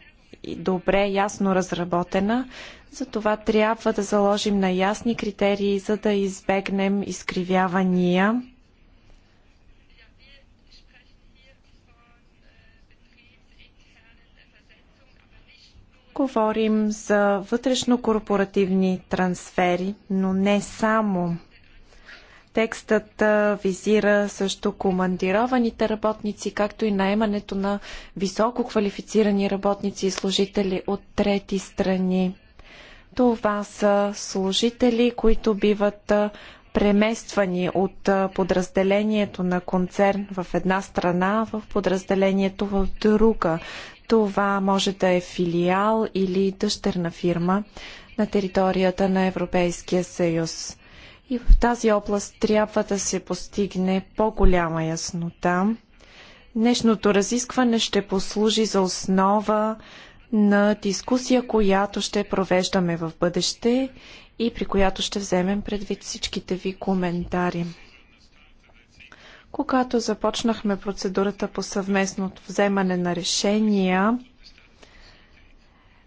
добре, ясно разработена. Затова трябва да заложим на ясни критерии, за да избегнем изкривявания Говорим за вътрешно-корпоративни трансфери, но не само. Текстът визира също командированите работници, както и наемането на високо квалифицирани работници и служители от трети страни. Това са служители, които биват премествани от подразделението на концерн в една страна в подразделението в друга. Това може да е филиал или дъщерна фирма на територията на Европейския съюз. И в тази област трябва да се постигне по-голяма яснота. Днешното разискване ще послужи за основа на дискусия, която ще провеждаме в бъдеще и при която ще вземем предвид всичките ви коментари. Когато започнахме процедурата по съвместно вземане на решения,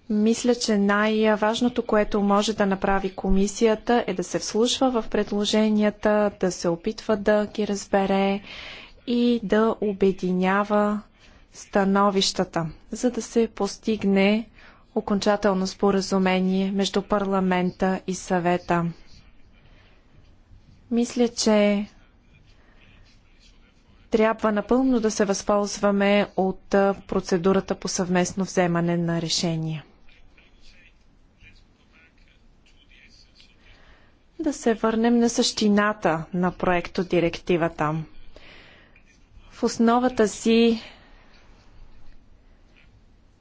мисля, че най-важното, което може да направи комисията е да се вслушва в предложенията, да се опитва да ги разбере и да обединява становищата, за да се постигне окончателно споразумение между парламента и съвета. Мисля, че трябва напълно да се възползваме от процедурата по съвместно вземане на решения. Да се върнем на същината на проекто директивата. В основата си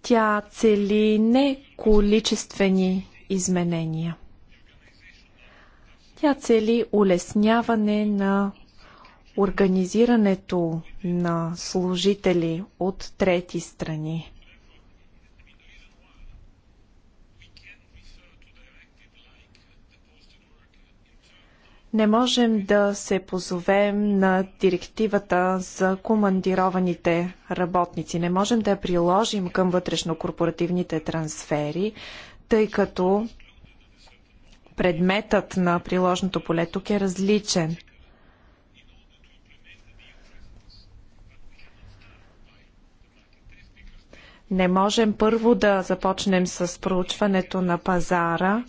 тя цели не количествени изменения. Тя цели улесняване на организирането на служители от трети страни. Не можем да се позовем на директивата за командированите работници. Не можем да я приложим към вътрешно-корпоративните трансфери, тъй като предметът на приложното поле тук е различен – Не можем първо да започнем с проучването на пазара,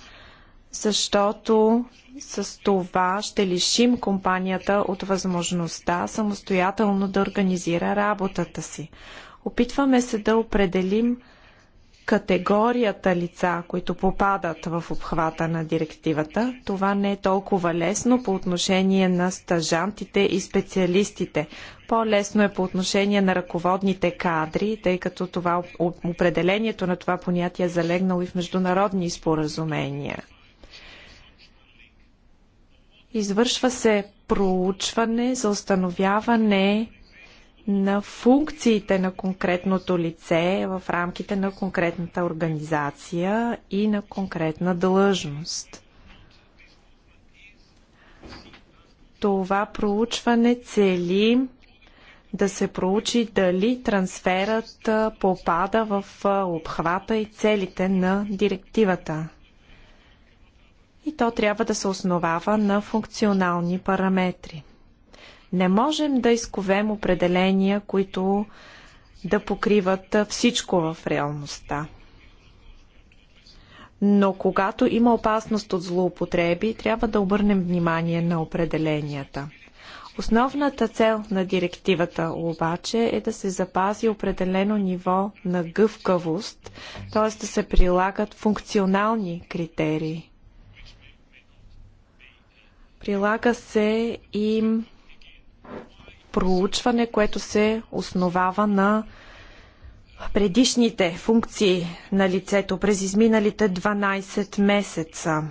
защото с това ще лишим компанията от възможността самостоятелно да организира работата си. Опитваме се да определим категорията лица, които попадат в обхвата на директивата. Това не е толкова лесно по отношение на стажантите и специалистите. По-лесно е по отношение на ръководните кадри, тъй като това, определението на това понятие е залегнало и в международни споразумения. Извършва се проучване за установяване на функциите на конкретното лице в рамките на конкретната организация и на конкретна длъжност. Това проучване цели да се проучи дали трансферът попада в обхвата и целите на директивата. И то трябва да се основава на функционални параметри. Не можем да изковем определения, които да покриват всичко в реалността. Но когато има опасност от злоупотреби, трябва да обърнем внимание на определенията. Основната цел на директивата обаче е да се запази определено ниво на гъвкавост, т.е. да се прилагат функционални критерии. Прилага се и проучване, което се основава на предишните функции на лицето през изминалите 12 месеца.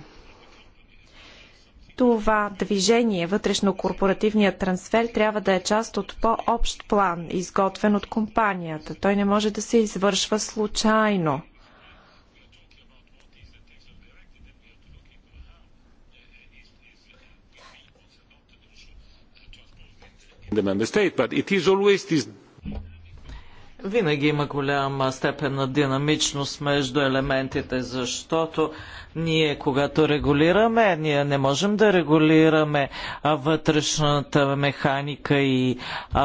Това движение, вътрешно-корпоративният трансфер, трябва да е част от по-общ план, изготвен от компанията. Той не може да се извършва случайно. Винаги има голяма степен на динамичност между елементите, защото ние, когато регулираме, ние не можем да регулираме вътрешната механика и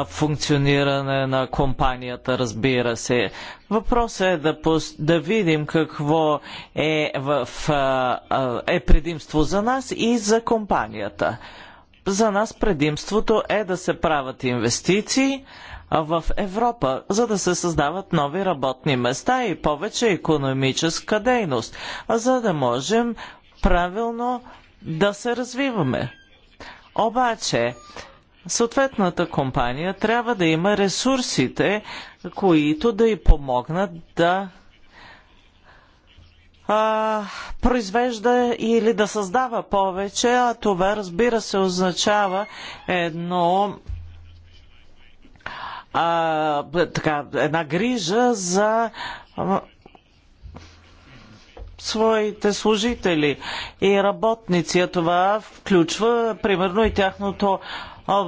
функциониране на компанията, разбира се. Въпросът е да, да видим какво е, в, е предимство за нас и за компанията за нас предимството е да се правят инвестиции в Европа, за да се създават нови работни места и повече економическа дейност, за да можем правилно да се развиваме. Обаче, съответната компания трябва да има ресурсите, които да й помогнат да а, произвежда или да създава повече, а това разбира се означава едно а, така, една грижа за а, своите служители и работници. А това включва примерно и тяхното а,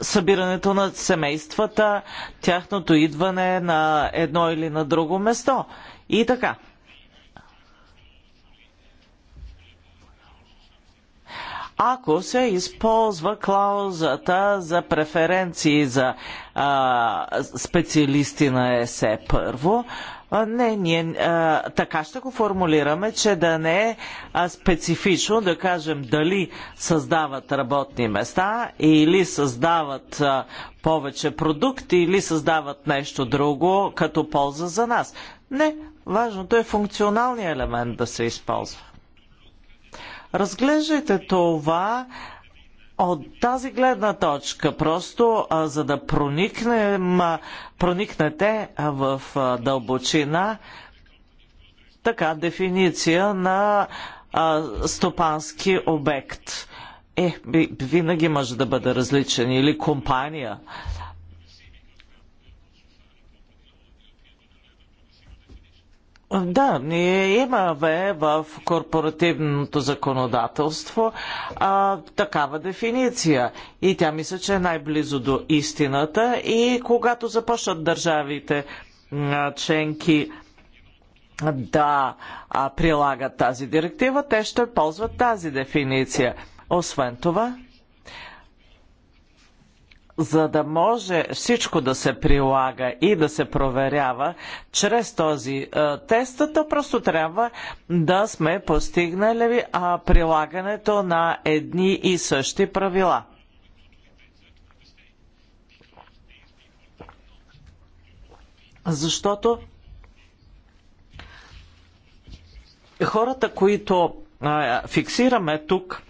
събирането на семействата, тяхното идване на едно или на друго место. И така. Ако се използва клаузата за преференции за а, специалисти на ЕСЕ първо, не, ние а, така ще го формулираме, че да не е специфично да кажем дали създават работни места или създават а, повече продукти или създават нещо друго като полза за нас. Не, Важното е функционалния елемент да се използва. Разглеждайте това от тази гледна точка, просто а, за да проникнем, а, проникнете а, в а, дълбочина така дефиниция на а, стопански обект. Е, винаги може да бъде различен или компания. Да, ние имаме в корпоративното законодателство а, такава дефиниция и тя мисля, че е най-близо до истината и когато започнат държавите а, членки да а, прилагат тази директива, те ще ползват тази дефиниция. Освен това, за да може всичко да се прилага и да се проверява чрез този а, е, тест, то просто трябва да сме постигнали а, прилагането на едни и същи правила. Защото хората, които а, фиксираме тук,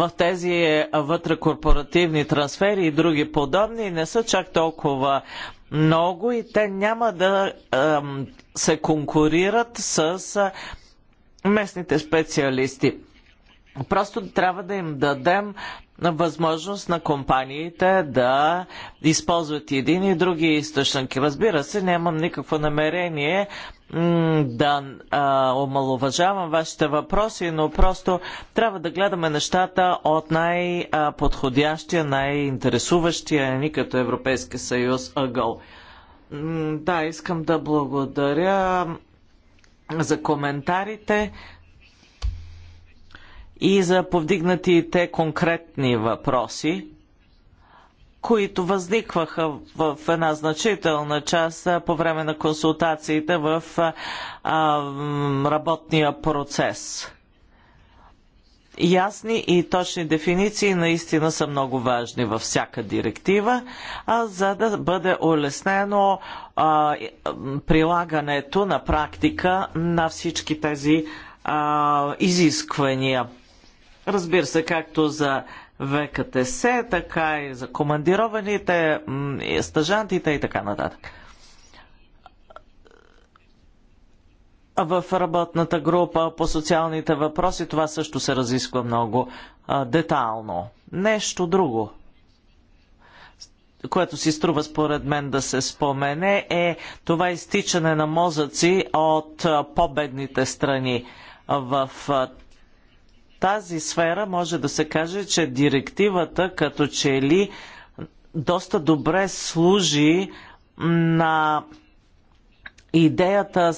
в тези е, вътрекорпоративни трансфери и други подобни не са чак толкова много и те няма да е, се конкурират с местните специалисти. Просто трябва да им дадем възможност на компаниите да използват един и други източники. Разбира се, нямам никакво намерение да а, омалуважавам вашите въпроси, но просто трябва да гледаме нещата от най-подходящия, най-интересуващия ни като Европейски съюз ъгъл. Да, искам да благодаря за коментарите и за повдигнатите конкретни въпроси които възникваха в една значителна част по време на консултациите в работния процес. Ясни и точни дефиниции наистина са много важни във всяка директива, а за да бъде улеснено а, прилагането на практика на всички тези а, изисквания. Разбира се, както за ВКТС, така и за командированите, стажантите и така нататък. В работната група по социалните въпроси това също се разисква много а, детално. Нещо друго, което си струва според мен да се спомене, е това изтичане на мозъци от по-бедните страни в тази сфера може да се каже, че директивата като че ли доста добре служи на идеята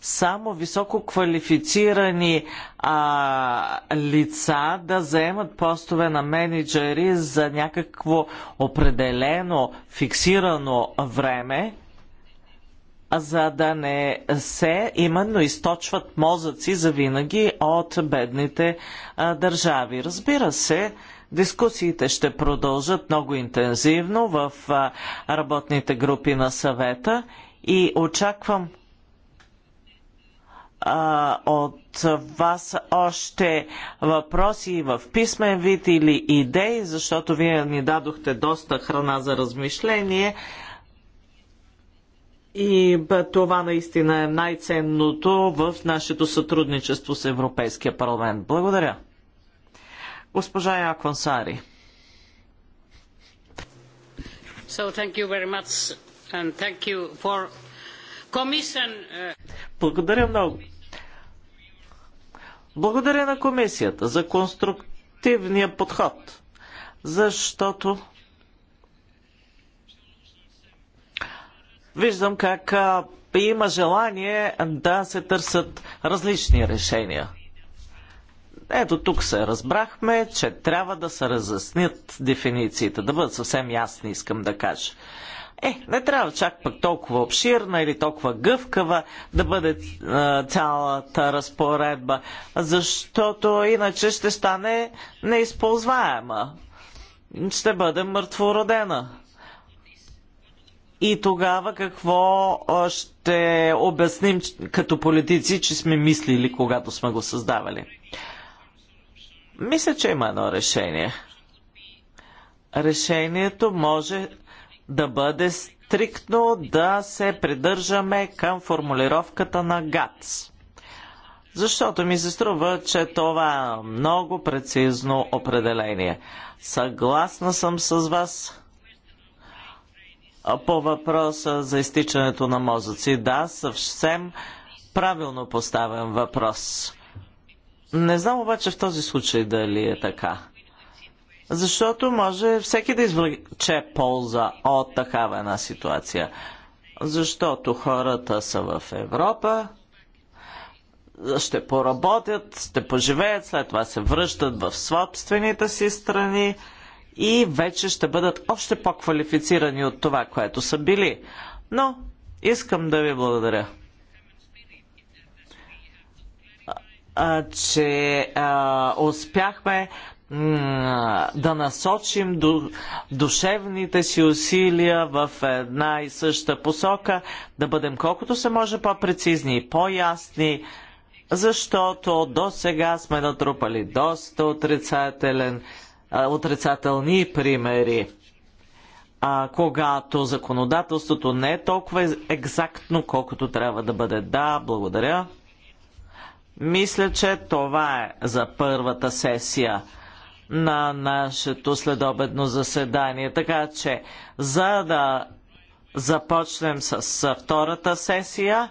само високо квалифицирани а, лица да заемат постове на менеджери за някакво определено фиксирано време за да не се именно източват мозъци за винаги от бедните а, държави. Разбира се, Дискусиите ще продължат много интензивно в а, работните групи на съвета и очаквам а, от вас още въпроси в писмен вид или идеи, защото вие ни дадохте доста храна за размишление и това наистина е най-ценното в нашето сътрудничество с Европейския парламент. Благодаря. Госпожа Яконсари. So thank you very much and thank you for commission. Uh, Благодаря много. Благодаря на комисията за конструктивния подход, защото виждам как а, има желание да се търсят различни решения. Ето тук се разбрахме, че трябва да се разяснят дефинициите, да бъдат съвсем ясни, искам да кажа. Е, не трябва чак пък толкова обширна или толкова гъвкава да бъде е, цялата разпоредба, защото иначе ще стане неизползваема. Ще бъде мъртвородена и тогава какво ще обясним като политици, че сме мислили, когато сме го създавали? Мисля, че има едно решение. Решението може да бъде стриктно да се придържаме към формулировката на ГАЦ. Защото ми се струва, че това е много прецизно определение. Съгласна съм с вас по въпроса за изтичането на мозъци, да, съвсем правилно поставен въпрос. Не знам обаче в този случай дали е така. Защото може всеки да извлече полза от такава една ситуация. Защото хората са в Европа, ще поработят, ще поживеят, след това се връщат в собствените си страни – и вече ще бъдат още по-квалифицирани от това, което са били. Но искам да ви благодаря. А, че а, успяхме да насочим душевните си усилия в една и съща посока, да бъдем колкото се може по-прецизни и по-ясни, защото до сега сме натрупали доста отрицателен отрицателни примери. А, когато законодателството не е толкова екзактно, колкото трябва да бъде. Да, благодаря. Мисля, че това е за първата сесия на нашето следобедно заседание. Така че, за да започнем с втората сесия,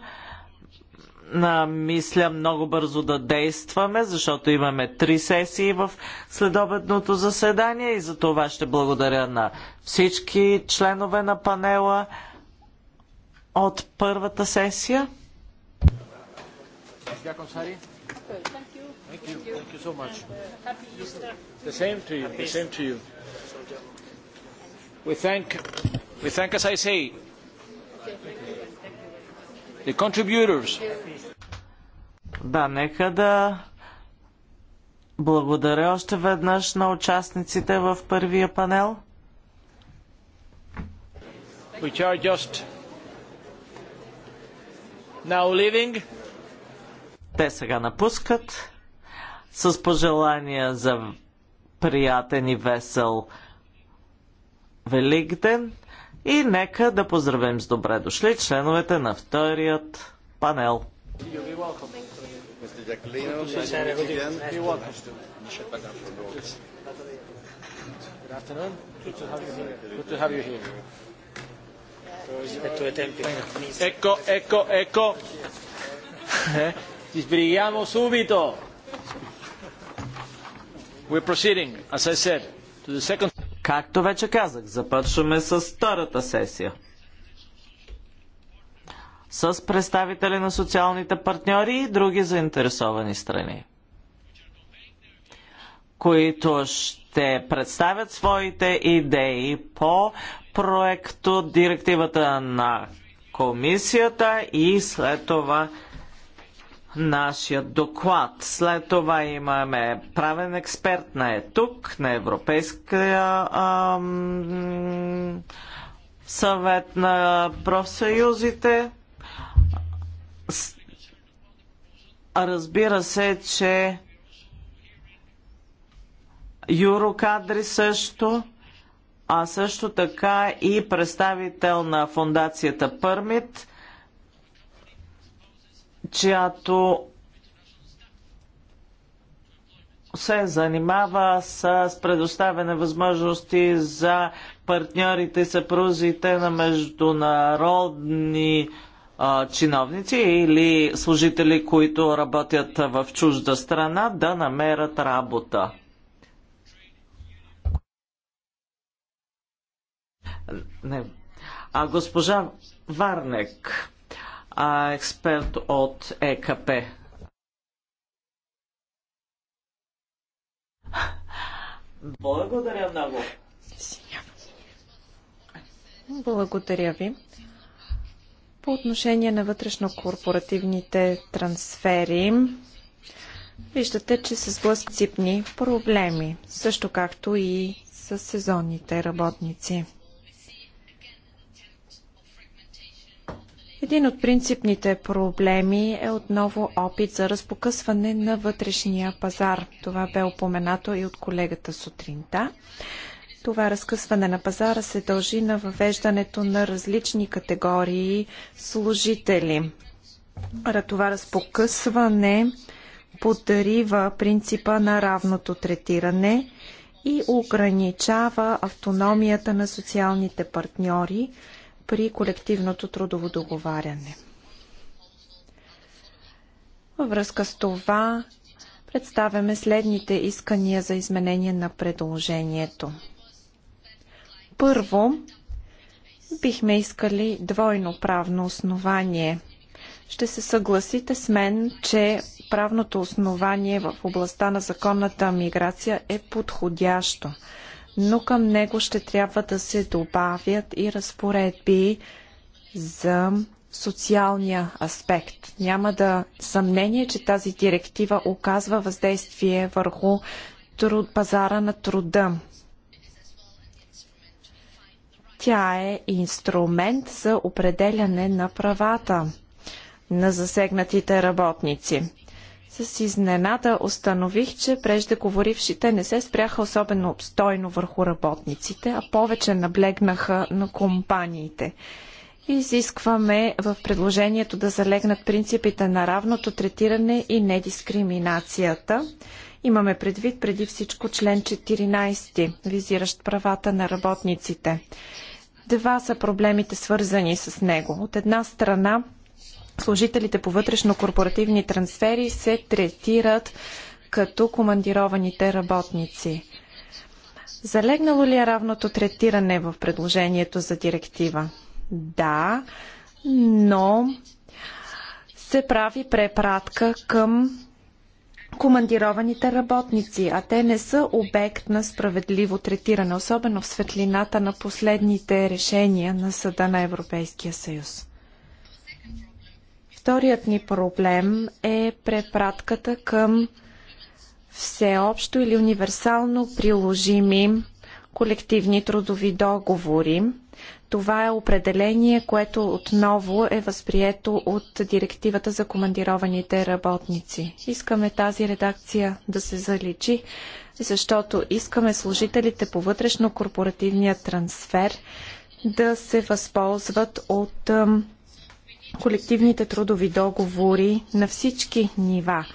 мисля много бързо да действаме, защото имаме три сесии в следобедното заседание и за това ще благодаря на всички членове на панела от първата сесия. We thank, we thank as I say. Okay, thank you. The contributors. Да, нека да благодаря още веднъж на участниците в първия панел. Which are just now leaving. Те сега напускат с пожелания за приятен и весел Великден. И нека да поздравим с добре дошли членовете на вторият панел. Ecco, ecco, ecco. Eh? Ci sbrighiamo subito. We're proceeding, as I said, to the second Както вече казах, започваме с втората сесия. С представители на социалните партньори и други заинтересовани страни, които ще представят своите идеи по проекто директивата на комисията и след това нашия доклад. След това имаме правен експерт на ЕТУК, на Европейския съвет на профсъюзите. Разбира се, че юрокадри също, а също така и представител на фундацията Пърмит – чиято се занимава с предоставяне възможности за партньорите и съпрузите на международни а, чиновници или служители, които работят в чужда страна, да намерят работа. Не. А госпожа Варнек а, експерт от ЕКП. Благодаря много. Благодаря ви. По отношение на вътрешно-корпоративните трансфери, виждате, че се сблъскат проблеми, също както и с сезонните работници. Един от принципните проблеми е отново опит за разпокъсване на вътрешния пазар. Това бе упоменато и от колегата сутринта. Това разкъсване на пазара се дължи на въвеждането на различни категории служители. Това разпокъсване подарива принципа на равното третиране и ограничава автономията на социалните партньори, при колективното трудово договаряне. Във връзка с това представяме следните искания за изменение на предложението. Първо, бихме искали двойно правно основание. Ще се съгласите с мен, че правното основание в областта на законната миграция е подходящо но към него ще трябва да се добавят и разпоредби за социалния аспект. Няма да съмнение, че тази директива оказва въздействие върху труд, пазара на труда. Тя е инструмент за определяне на правата на засегнатите работници. С изненада установих, че преждеговорившите не се спряха особено обстойно върху работниците, а повече наблегнаха на компаниите. Изискваме в предложението да залегнат принципите на равното третиране и недискриминацията. Имаме предвид преди всичко член 14, визиращ правата на работниците. Два са проблемите свързани с него. От една страна служителите по вътрешно-корпоративни трансфери се третират като командированите работници. Залегнало ли е равното третиране в предложението за директива? Да, но се прави препратка към командированите работници, а те не са обект на справедливо третиране, особено в светлината на последните решения на Съда на Европейския съюз. Вторият ни проблем е препратката към всеобщо или универсално приложими колективни трудови договори. Това е определение, което отново е възприето от директивата за командированите работници. Искаме тази редакция да се заличи, защото искаме служителите по вътрешно-корпоративния трансфер да се възползват от ъм, колективните трудови договори на всички нива.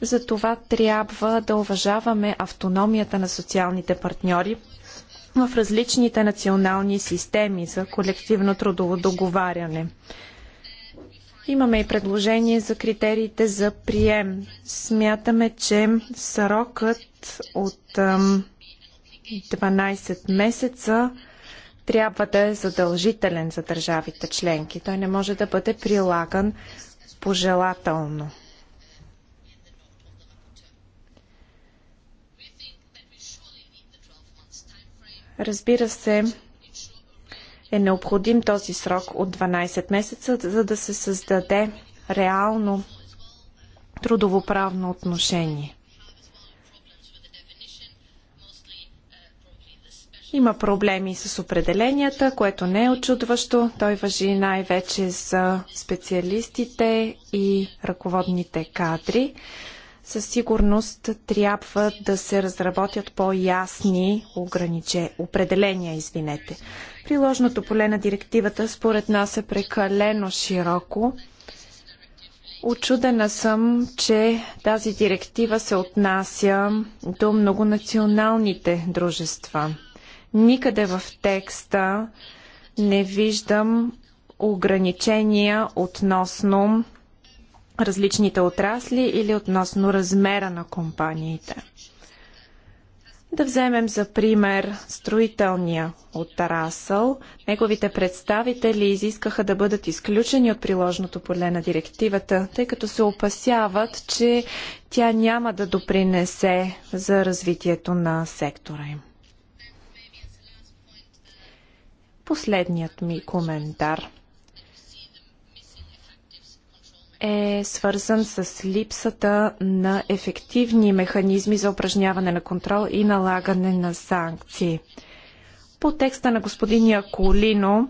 Затова трябва да уважаваме автономията на социалните партньори в различните национални системи за колективно трудово договаряне. Имаме и предложение за критериите за прием. Смятаме, че срокът от 12 месеца трябва да е задължителен за държавите членки. Той не може да бъде прилаган пожелателно. Разбира се, е необходим този срок от 12 месеца, за да се създаде реално трудовоправно отношение. Има проблеми с определенията, което не е очудващо. Той въжи най-вече за специалистите и ръководните кадри. Със сигурност трябва да се разработят по-ясни определения. Извинете. Приложното поле на директивата според нас е прекалено широко. Очудена съм, че тази директива се отнася до многонационалните дружества. Никъде в текста не виждам ограничения относно различните отрасли или относно размера на компаниите. Да вземем за пример строителния отрасъл. Неговите представители изискаха да бъдат изключени от приложното поле на директивата, тъй като се опасяват, че тя няма да допринесе за развитието на сектора им. Последният ми коментар е свързан с липсата на ефективни механизми за упражняване на контрол и налагане на санкции. По текста на господин Яколино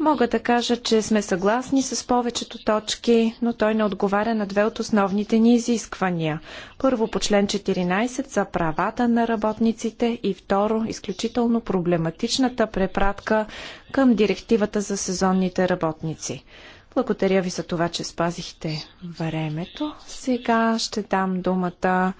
Мога да кажа, че сме съгласни с повечето точки, но той не отговаря на две от основните ни изисквания. Първо по член 14 за правата на работниците и второ изключително проблематичната препратка към директивата за сезонните работници. Благодаря ви за това, че спазихте времето. Сега ще дам думата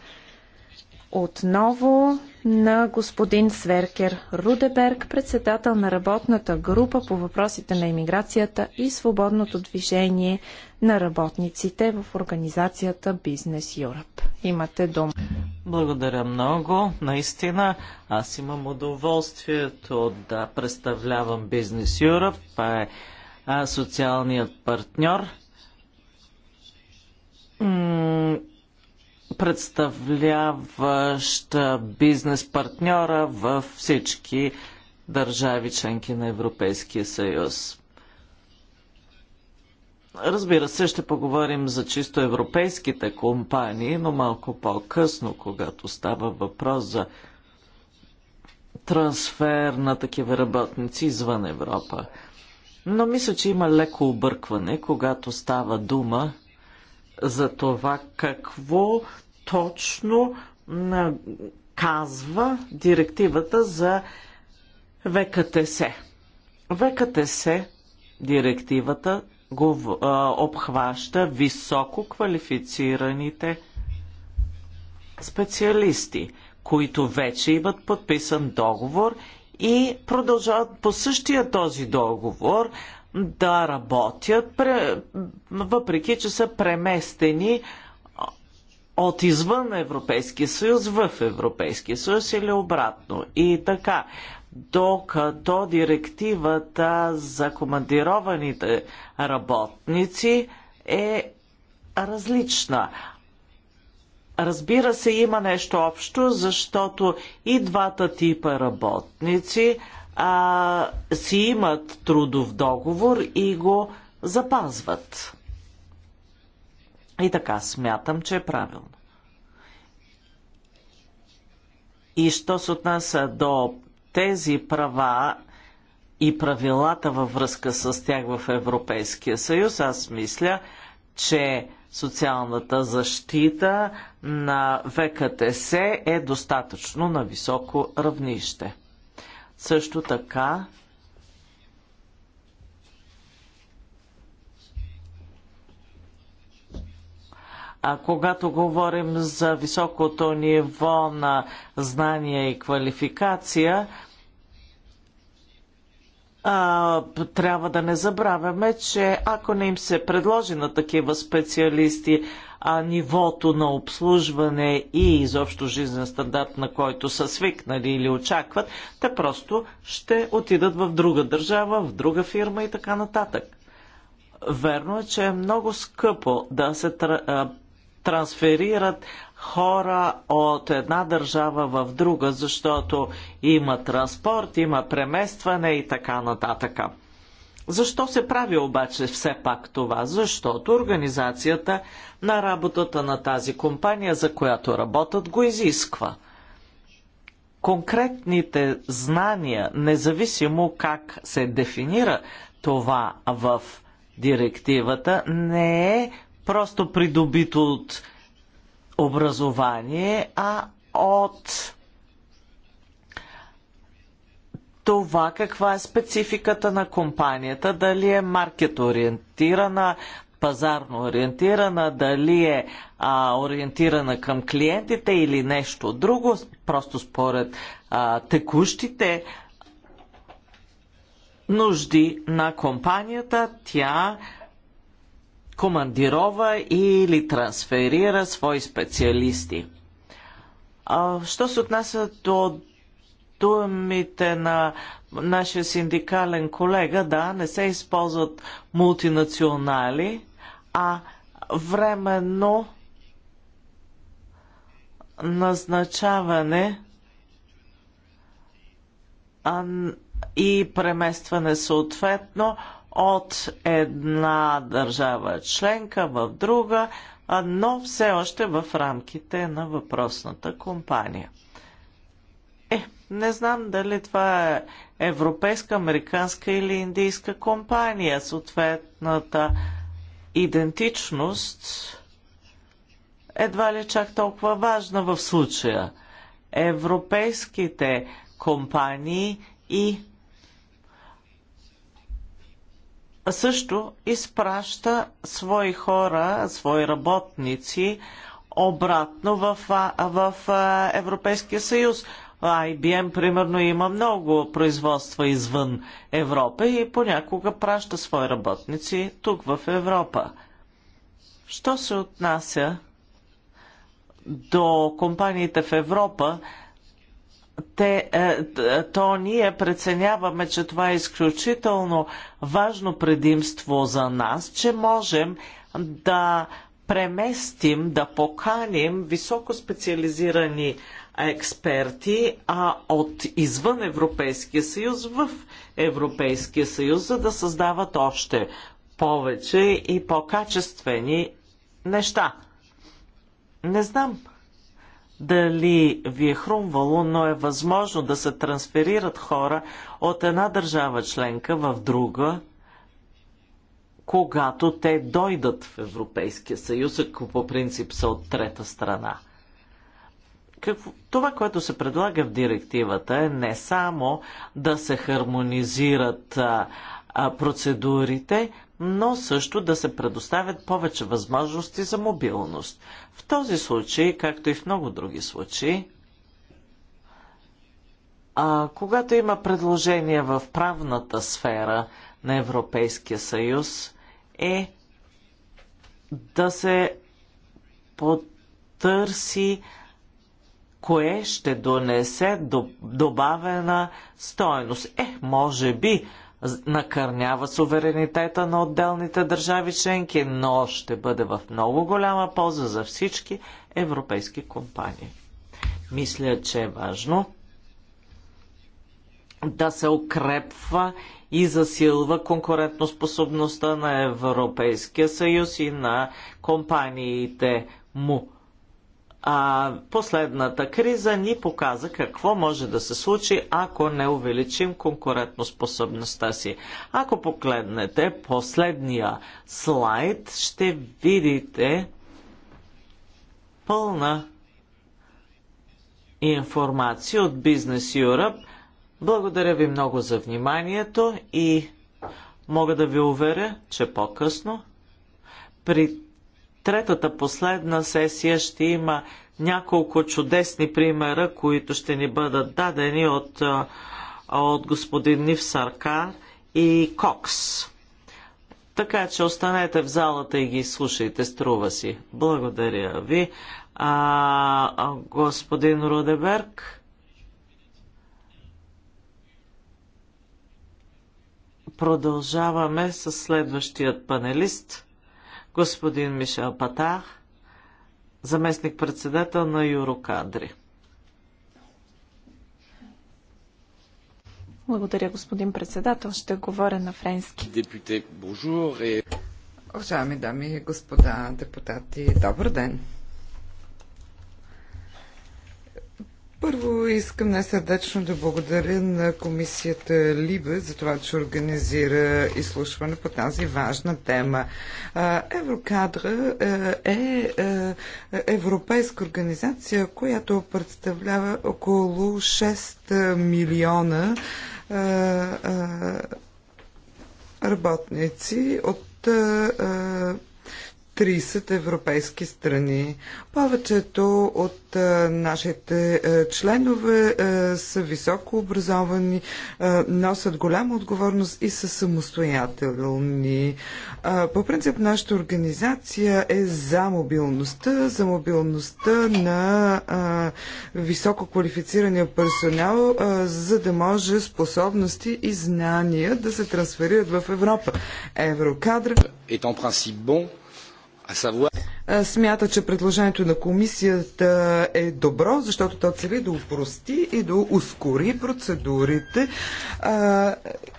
отново на господин Сверкер Рудеберг, председател на работната група по въпросите на иммиграцията и свободното движение на работниците в организацията Business Юрап. Имате дума. Благодаря много. Наистина, аз имам удоволствието да представлявам Business Europe. Това е социалният партньор представляващ бизнес партньора във всички държави членки на Европейския съюз. Разбира се, ще поговорим за чисто европейските компании, но малко по-късно, когато става въпрос за трансфер на такива работници извън Европа. Но мисля, че има леко объркване, когато става дума за това какво точно казва директивата за ВКТС. ВКТС директивата го а, обхваща високо квалифицираните специалисти, които вече имат подписан договор и продължават по същия този договор да работят, въпреки че са преместени от извън Европейския съюз в Европейския съюз или обратно. И така, докато директивата за командированите работници е различна. Разбира се, има нещо общо, защото и двата типа работници а, си имат трудов договор и го запазват. И така смятам, че е правилно. И що се отнася до тези права и правилата във връзка с тях в Европейския съюз, аз мисля, че социалната защита на ВКТС е достатъчно на високо равнище. Също така А когато говорим за високото ниво на знания и квалификация, а, трябва да не забравяме, че ако не им се предложи на такива специалисти а нивото на обслужване и изобщо жизнен стандарт, на който са свикнали или очакват, те просто ще отидат в друга държава, в друга фирма и така нататък. Верно е, че е много скъпо да се трансферират хора от една държава в друга, защото има транспорт, има преместване и така нататък. Защо се прави обаче все пак това? Защото организацията на работата на тази компания, за която работят, го изисква. Конкретните знания, независимо как се дефинира това в директивата, не е просто придобито от образование, а от това каква е спецификата на компанията, дали е маркет ориентирана, пазарно ориентирана, дали е а, ориентирана към клиентите или нещо друго, просто според а, текущите нужди на компанията, тя командирова или трансферира свои специалисти. А, що се отнася до думите на нашия синдикален колега, да, не се използват мултинационали, а временно назначаване и преместване съответно от една държава членка в друга, но все още в рамките на въпросната компания. Е, не знам дали това е европейска, американска или индийска компания. Съответната идентичност едва ли чак толкова важна в случая. Европейските компании и също изпраща свои хора, свои работници обратно в, в, в Европейския съюз. IBM, примерно, има много производства извън Европа и понякога праща свои работници тук в Европа. Що се отнася до компаниите в Европа, те, е, е, то ние преценяваме, че това е изключително важно предимство за нас, че можем да преместим, да поканим високо специализирани експерти а от извън Европейския съюз в Европейския съюз, за да създават още повече и по-качествени неща. Не знам дали ви е хрумвало, но е възможно да се трансферират хора от една държава членка в друга, когато те дойдат в Европейския съюз, ако по принцип са от трета страна. Какво, това, което се предлага в директивата е не само да се хармонизират а, а, процедурите, но също да се предоставят повече възможности за мобилност. В този случай, както и в много други случаи, а, когато има предложение в правната сфера на Европейския съюз, е да се потърси кое ще донесе добавена стоеност. Е, може би накърнява суверенитета на отделните държави членки, но ще бъде в много голяма полза за всички европейски компании. Мисля, че е важно да се укрепва и засилва конкурентоспособността на Европейския съюз и на компаниите му а, последната криза ни показа какво може да се случи, ако не увеличим конкурентоспособността си. Ако погледнете последния слайд, ще видите пълна информация от Business Europe. Благодаря ви много за вниманието и мога да ви уверя, че по-късно при третата, последна сесия ще има няколко чудесни примера, които ще ни бъдат дадени от, от господин Нив Саркар и Кокс. Така че останете в залата и ги слушайте, струва си. Благодаря ви. А, а господин Рудеберг? Продължаваме с следващият панелист – господин Мишел Патах, заместник-председател на Юрокадри. Благодаря, господин председател. Ще говоря на френски. Депутат, бонжур. Е- Уважаеми дами и господа депутати, добър ден. Първо искам най-сърдечно да благодаря на комисията Либе за това, че организира изслушване по тази важна тема. Еврокадра е европейска организация, която представлява около 6 милиона работници от 30 европейски страни. Повечето от а, нашите а, членове а, са високо образовани, а, носят голяма отговорност и са самостоятелни. А, по принцип, нашата организация е за мобилността, за мобилността на а, високо квалифицирания персонал, а, за да може способности и знания да се трансферират в Европа. Еврокадра. Est en principe bon Смята, че предложението на комисията е добро, защото то цели да упрости и да ускори процедурите а,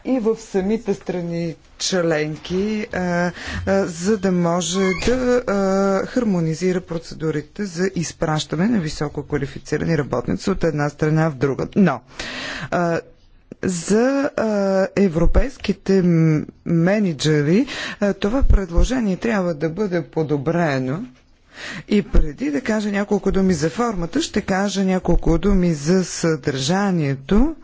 и в самите страни членки, а, а, за да може да а, хармонизира процедурите за изпращане на високо квалифицирани работници от една страна в друга. Но а, за европейските менеджери това предложение трябва да бъде подобрено. И преди да кажа няколко думи за формата, ще кажа няколко думи за съдържанието.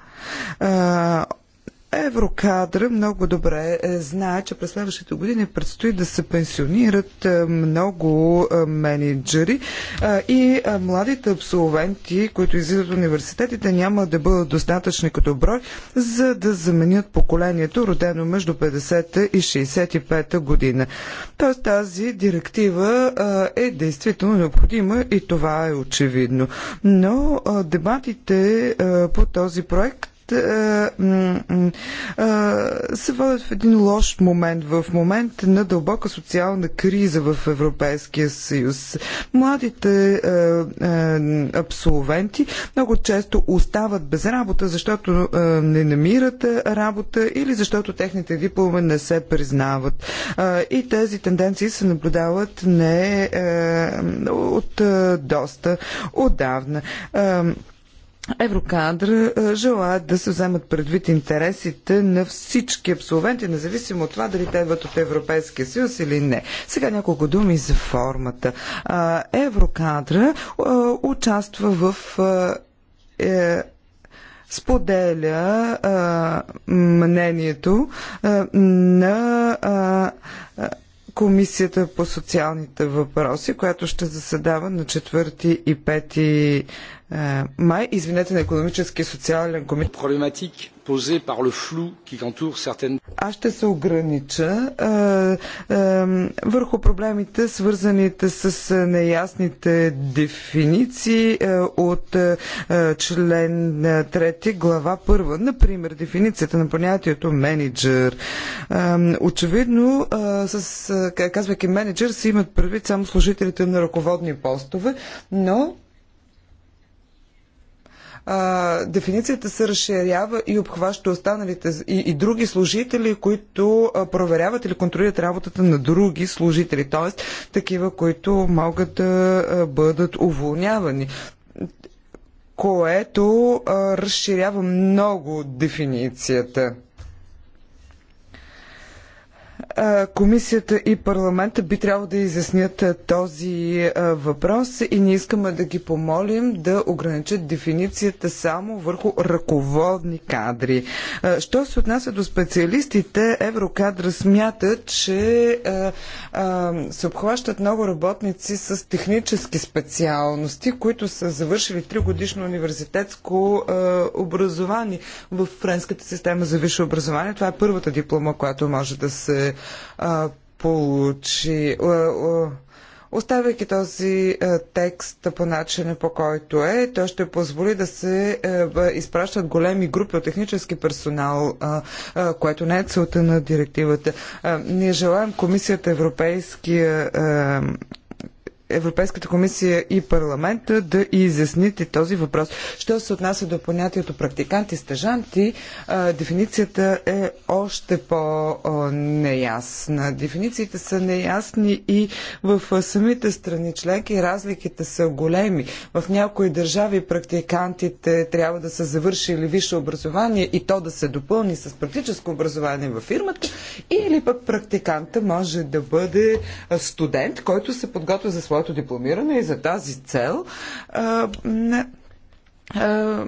Еврокадър много добре е, знае, че през следващите години предстои да се пенсионират е, много е, менеджери и младите абсолвенти, които излизат от университетите, няма да бъдат достатъчни като брой, за да заменят поколението, родено между 50-та и 65-та година. Тоест тази директива е действително необходима и това е очевидно. Но дебатите по този проект е, е, се водят в един лош момент, в момент на дълбока социална криза в Европейския съюз. Младите е, абсолвенти много често остават без работа, защото не намират работа или защото техните дипломи не се признават. И тези тенденции се наблюдават не от доста отдавна. Еврокадр е, желая да се вземат предвид интересите на всички абсолвенти, независимо от това дали те идват от Европейския съюз или не. Сега няколко думи за формата. Еврокадра е, участва в е, споделя мнението на Комисията по социалните въпроси, която ще заседава на 4 и 5 е, май, извинете, на економически и социален комитет. Аз ще се огранича а, е, а, е, върху проблемите, свързаните с неясните дефиниции а, от а, член 3 глава 1. Например, дефиницията на понятието менеджер. А, очевидно, а, с, а, казвайки менеджер, се имат предвид само служителите на ръководни постове, но а, дефиницията се разширява и обхваща останалите и, и други служители, които а, проверяват или контролират работата на други служители, т.е. такива, които могат да а, бъдат уволнявани което а, разширява много дефиницията. Комисията и парламента би трябвало да изяснят този въпрос и ние искаме да ги помолим да ограничат дефиницията само върху ръководни кадри. Що се отнася до специалистите, Еврокадра смята, че се обхващат много работници с технически специалности, които са завършили 3 годишно университетско образование в френската система за висше образование. Това е първата диплома, която може да се а, получи. А, а, Оставяйки този текст по начина по който е, той ще позволи да се е, изпращат големи групи от технически персонал, което не е целта на директивата. Ние желаем Комисията Европейския Европейската комисия и парламента да изясните този въпрос. Що се отнася до понятието практикант и стъжанти, дефиницията е още по-неясна. Дефинициите са неясни и в самите страни членки разликите са големи. В някои държави практикантите трябва да са завършили висше образование и то да се допълни с практическо образование във фирмата или пък практиканта може да бъде студент, който се подготвя за своя своето дипломиране и за тази цел а, а,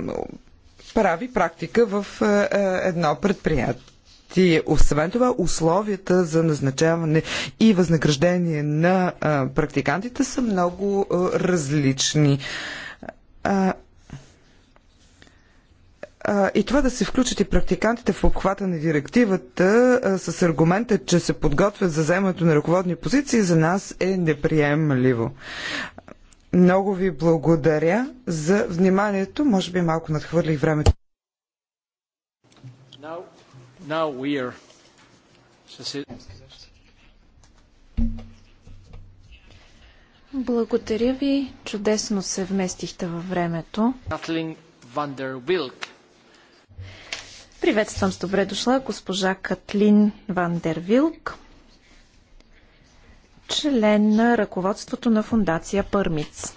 прави практика в а, едно предприятие. И освен това, условията за назначаване и възнаграждение на а, практикантите са много а, различни. А, и това да се включат и практикантите в обхвата на директивата с аргумента, че се подготвят за вземането на ръководни позиции, за нас е неприемливо. Много ви благодаря за вниманието. Може би малко надхвърлих времето. Now, now we are... Благодаря ви. Чудесно се вместихте във времето. Катлин Вандервилк Приветствам с добре дошла госпожа Катлин Ван Дер Вилк, член на ръководството на фундация Пърмиц.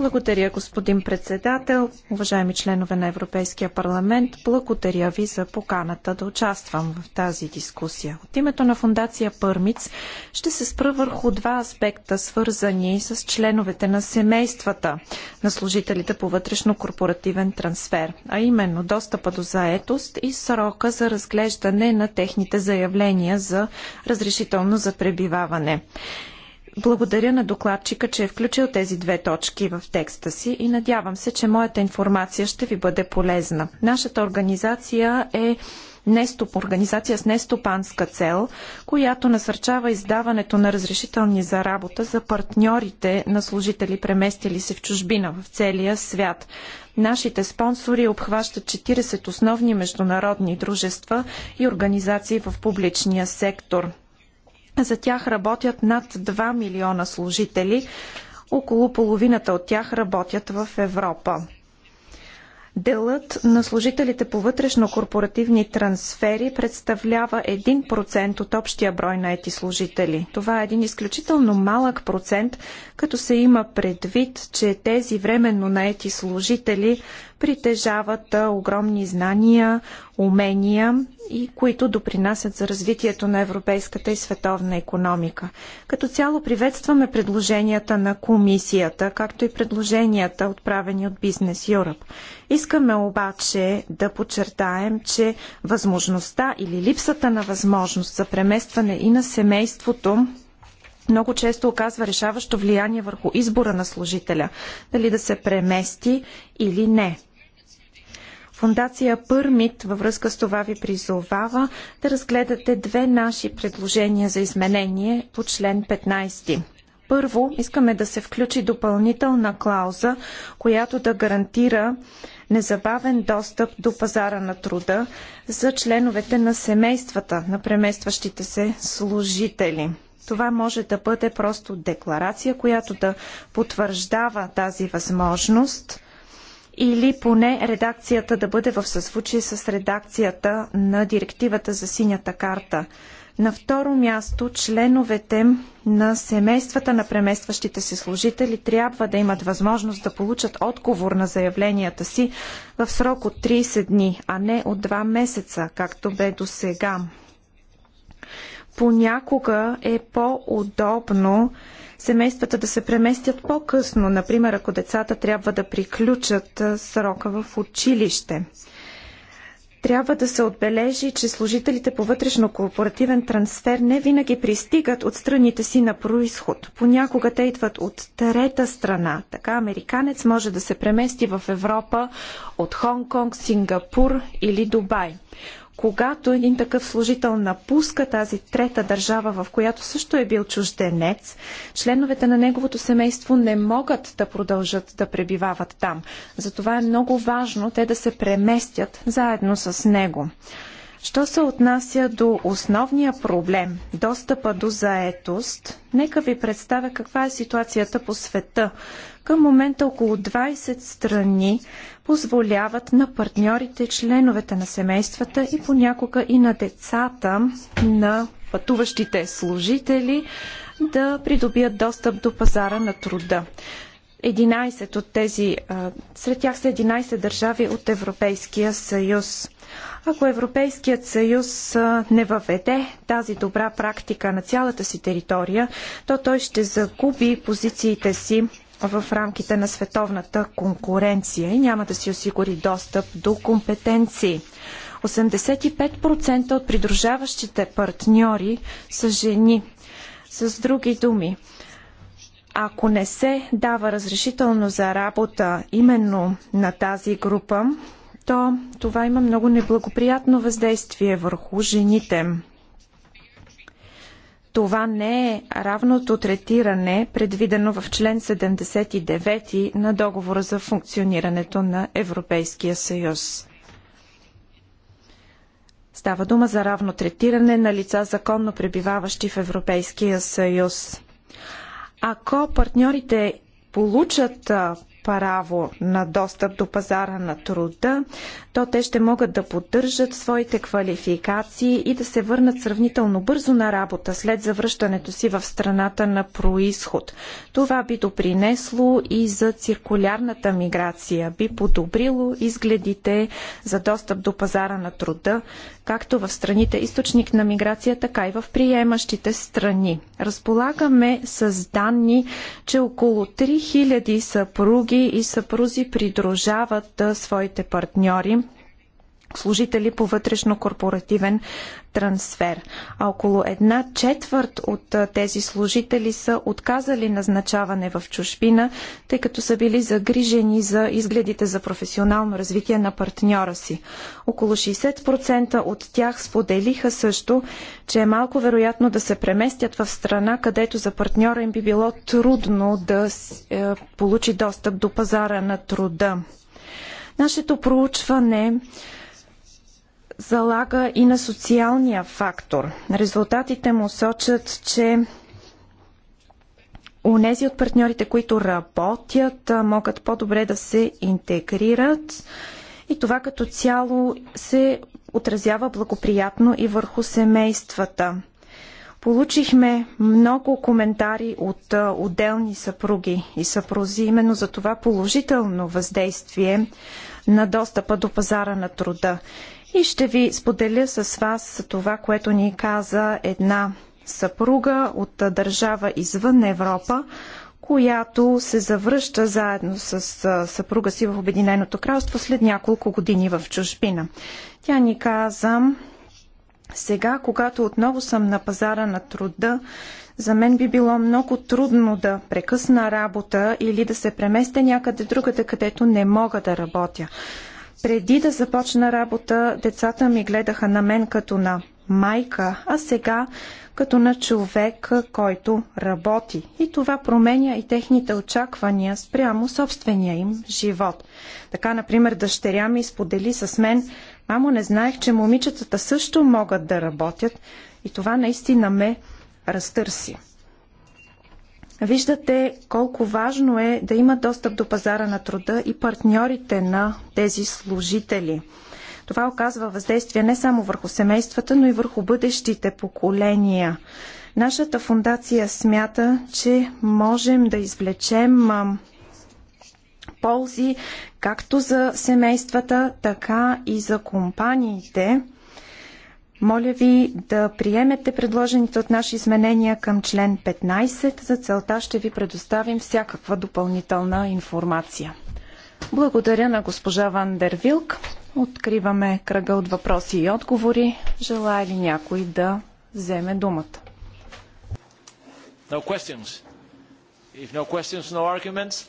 Благодаря, господин председател, уважаеми членове на Европейския парламент. Благодаря ви за поканата да участвам в тази дискусия. От името на Фундация Пърмиц ще се спра върху два аспекта, свързани с членовете на семействата на служителите по вътрешно-корпоративен трансфер, а именно достъпа до заетост и срока за разглеждане на техните заявления за разрешително за пребиваване. Благодаря на докладчика, че е включил тези две точки в текста си и надявам се, че моята информация ще ви бъде полезна. Нашата организация е неступ, организация с нестопанска цел, която насърчава издаването на разрешителни за работа за партньорите на служители, преместили се в чужбина в целия свят. Нашите спонсори обхващат 40 основни международни дружества и организации в публичния сектор. За тях работят над 2 милиона служители. Около половината от тях работят в Европа. Делът на служителите по вътрешно-корпоративни трансфери представлява 1% от общия брой на ети служители. Това е един изключително малък процент, като се има предвид, че тези временно наети служители притежават огромни знания, умения и които допринасят за развитието на европейската и световна економика. Като цяло приветстваме предложенията на комисията, както и предложенията отправени от Business Europe. Искаме обаче да подчертаем, че възможността или липсата на възможност за преместване и на семейството много често оказва решаващо влияние върху избора на служителя, дали да се премести или не. Фундация Пърмит във връзка с това ви призовава да разгледате две наши предложения за изменение по член 15. Първо, искаме да се включи допълнителна клауза, която да гарантира незабавен достъп до пазара на труда за членовете на семействата на преместващите се служители. Това може да бъде просто декларация, която да потвърждава тази възможност – или поне редакцията да бъде в съзвучие с редакцията на директивата за синята карта. На второ място, членовете на семействата на преместващите се служители трябва да имат възможност да получат отговор на заявленията си в срок от 30 дни, а не от 2 месеца, както бе до сега. Понякога е по-удобно семействата да се преместят по-късно, например ако децата трябва да приключат срока в училище. Трябва да се отбележи, че служителите по вътрешно-корпоративен трансфер не винаги пристигат от страните си на происход. Понякога те идват от трета страна. Така американец може да се премести в Европа от Хонг-Конг, Сингапур или Дубай когато един такъв служител напуска тази трета държава, в която също е бил чужденец, членовете на неговото семейство не могат да продължат да пребивават там. Затова е много важно те да се преместят заедно с него. Що се отнася до основния проблем – достъпа до заетост, нека ви представя каква е ситуацията по света. Към момента около 20 страни позволяват на партньорите, членовете на семействата и понякога и на децата на пътуващите служители да придобият достъп до пазара на труда. 11 от тези, сред тях са 11 държави от Европейския съюз. Ако Европейският съюз не въведе тази добра практика на цялата си територия, то той ще загуби позициите си в рамките на световната конкуренция и няма да си осигури достъп до компетенции. 85% от придружаващите партньори са жени. С други думи, ако не се дава разрешително за работа именно на тази група, то това има много неблагоприятно въздействие върху жените. Това не е равното третиране, предвидено в член 79 на договора за функционирането на Европейския съюз. Става дума за равно третиране на лица законно пребиваващи в Европейския съюз. Ако партньорите получат право на достъп до пазара на труда, то те ще могат да поддържат своите квалификации и да се върнат сравнително бързо на работа след завръщането си в страната на происход. Това би допринесло и за циркулярната миграция, би подобрило изгледите за достъп до пазара на труда както в страните източник на миграция, така и в приемащите страни. Разполагаме с данни, че около 3000 съпруги и съпрузи придружават своите партньори служители по вътрешно-корпоративен трансфер. А около една четвърт от тези служители са отказали назначаване в чужбина, тъй като са били загрижени за изгледите за професионално развитие на партньора си. Около 60% от тях споделиха също, че е малко вероятно да се преместят в страна, където за партньора им би било трудно да е, получи достъп до пазара на труда. Нашето проучване залага и на социалния фактор. Резултатите му сочат, че Унези от партньорите, които работят, могат по-добре да се интегрират и това като цяло се отразява благоприятно и върху семействата. Получихме много коментари от отделни съпруги и съпрузи именно за това положително въздействие на достъпа до пазара на труда. И ще ви споделя с вас това, което ни каза една съпруга от държава извън Европа, която се завръща заедно с съпруга си в Обединеното кралство след няколко години в чужбина. Тя ни каза, сега, когато отново съм на пазара на труда, за мен би било много трудно да прекъсна работа или да се преместя някъде другата, където не мога да работя. Преди да започна работа, децата ми гледаха на мен като на майка, а сега като на човек, който работи. И това променя и техните очаквания спрямо собствения им живот. Така, например, дъщеря ми сподели с мен, мамо, не знаех, че момичетата също могат да работят и това наистина ме разтърси. Виждате колко важно е да имат достъп до пазара на труда и партньорите на тези служители. Това оказва въздействие не само върху семействата, но и върху бъдещите поколения. Нашата фундация смята, че можем да извлечем ползи както за семействата, така и за компаниите. Моля ви да приемете предложените от наши изменения към член 15. За целта ще ви предоставим всякаква допълнителна информация. Благодаря на госпожа Ван Дервилк. Откриваме кръга от въпроси и отговори. Желая ли някой да вземе думата? No questions. If no questions, no arguments.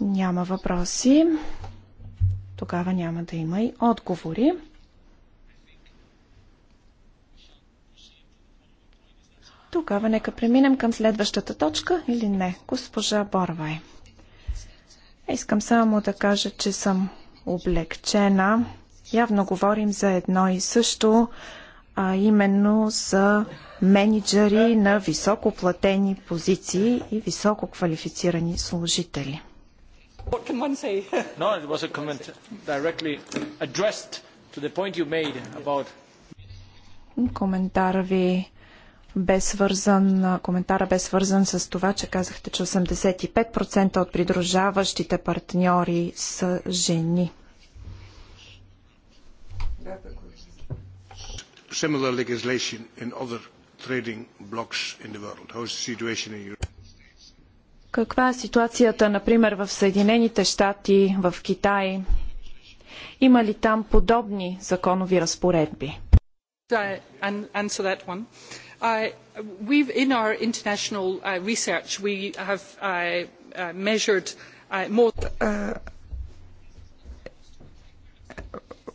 Няма въпроси. Тогава няма да има и отговори. Тогава нека преминем към следващата точка или не, госпожа Борвай. Искам само да кажа, че съм облегчена. Явно говорим за едно и също, а именно за менеджери на високо платени позиции и високо квалифицирани служители. No, it was a comment directly addressed to the point you made about коментар ви бе свързан, коментара бе свързан с това, че казахте, че 85% от придружаващите партньори са жени. Similar legislation in other trading blocks in the world. How is the situation in Europe? Каква е ситуацията, например, в Съединените щати, в Китай? Има ли там подобни законови разпоредби? I answer that one. Uh, in our international uh, research, we have uh, measured more.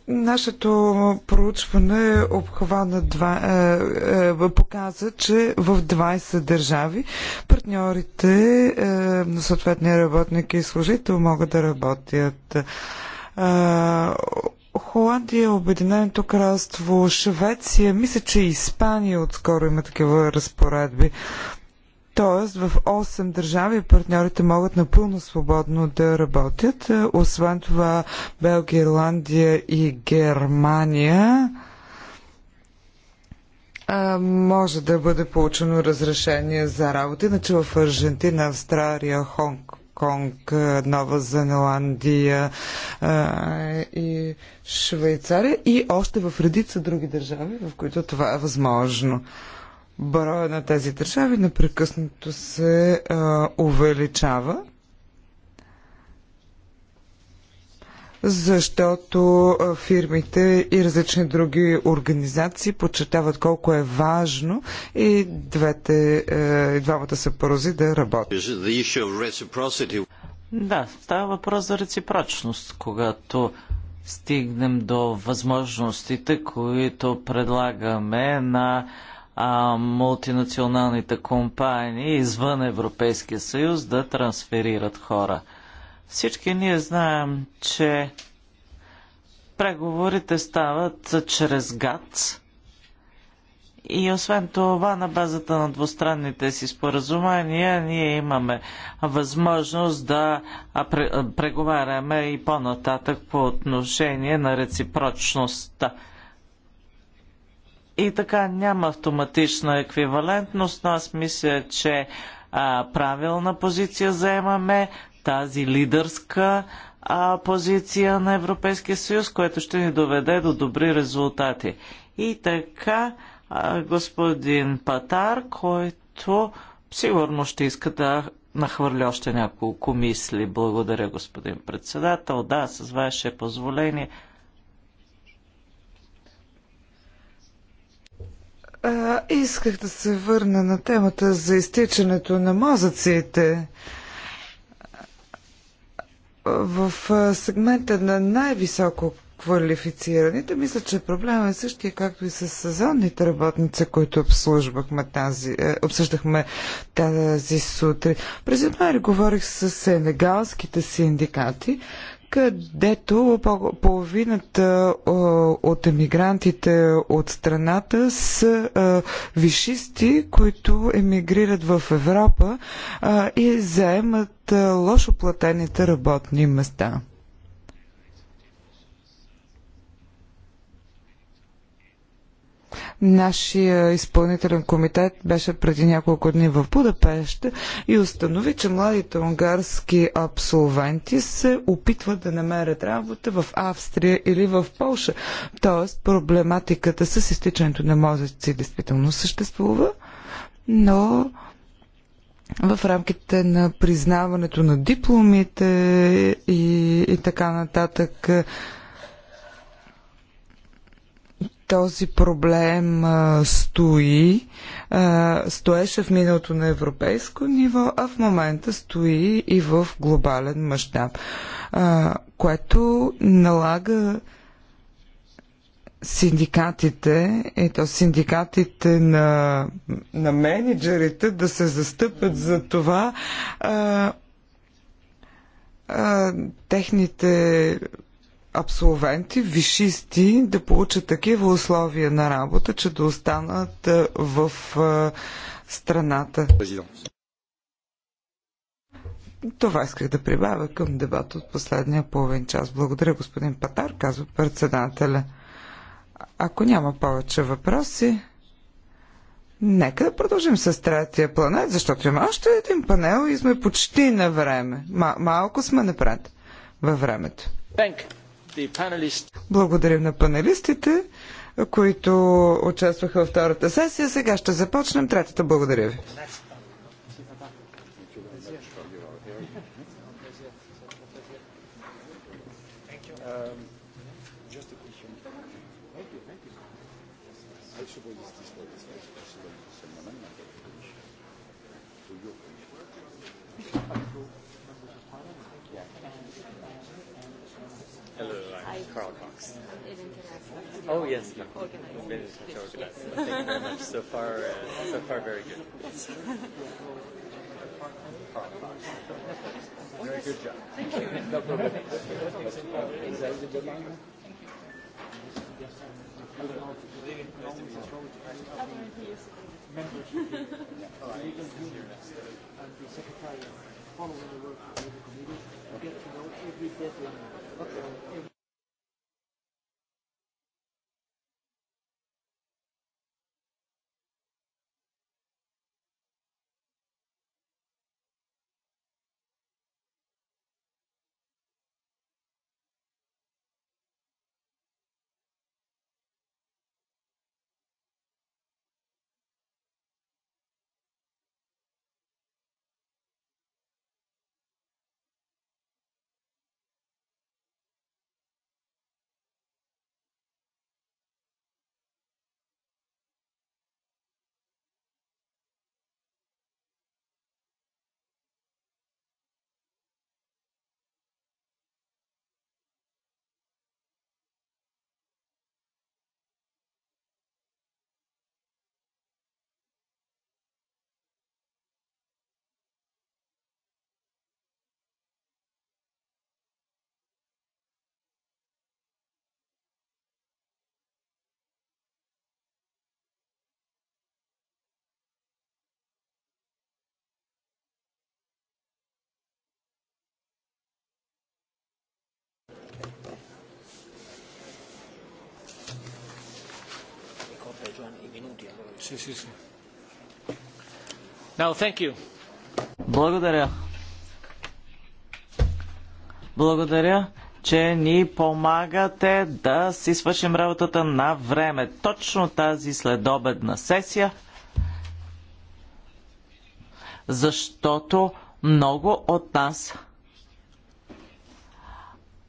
Нашето проучване е обхвана два, е, е, показа, че в 20 държави партньорите е, на съответния работник и служител могат да работят е, Холандия, Обединеното кралство, Швеция, мисля, че и Испания отскоро има такива разпоредби. Тоест в 8 държави партньорите могат напълно свободно да работят. Е, освен това Белгия, Ирландия и Германия а, е, може да бъде получено разрешение за работа. Иначе в Аржентина, Австралия, Хонг Конг, Нова Зеландия и Швейцария и още в редица други държави, в които това е възможно. Броя на тези държави непрекъснато се увеличава защото фирмите и различни други организации подчертават колко е важно и, двете, е, и двамата съпарузи да работят. Да, става въпрос за реципрочност, когато стигнем до възможностите, които предлагаме на а, мултинационалните компании извън Европейския съюз да трансферират хора – всички ние знаем, че преговорите стават чрез ГАЦ. И освен това, на базата на двустранните си споразумения, ние имаме възможност да преговаряме и по-нататък по отношение на реципрочността. И така няма автоматична еквивалентност, но аз мисля, че а, правилна позиция заемаме тази лидерска а, позиция на Европейския съюз, което ще ни доведе до добри резултати. И така, а, господин Патар, който сигурно ще иска да нахвърля още няколко мисли. Благодаря, господин председател. Да, с ваше позволение. А, исках да се върна на темата за изтичането на мозъците. В сегмента на най-високо квалифицираните, мисля, че проблема е същия, както и с сезонните работници, които обслужвахме тази, е, обсъждахме тази сутрин. През януари говорих с сенегалските синдикати където половината от емигрантите от страната са вишисти, които емигрират в Европа и заемат лошо платените работни места. Нашия изпълнителен комитет беше преди няколко дни в Будапеща и установи, че младите унгарски абсолвенти се опитват да намерят работа в Австрия или в Полша. Тоест проблематиката с изтичането на мозъци действително съществува, но в рамките на признаването на дипломите и, и така нататък този проблем а, стои, а, стоеше в миналото на европейско ниво, а в момента стои и в глобален мащаб, което налага синдикатите, ето синдикатите на, на менеджерите да се застъпят за това а, а, техните абсолвенти, вишисти да получат такива условия на работа, че да останат е, в е, страната. Това исках да прибавя към дебата от последния половин час. Благодаря, господин Патар, казва председателя. Ако няма повече въпроси, нека да продължим с третия планет, защото има още един панел и сме почти на време. малко сме напред във времето. Thank Благодарим на панелистите, които участваха във втората сесия. Сега ще започнем третата. Благодаря ви. Oh yes, organized. Been Thank you very much. So far, uh, so far, very good. Yes. Very good job. Thank you. No problem. the secretary following the work of the committee get to know every deadline. thank you. Благодаря. Благодаря, че ни помагате да си свършим работата на време. Точно тази следобедна сесия, защото много от нас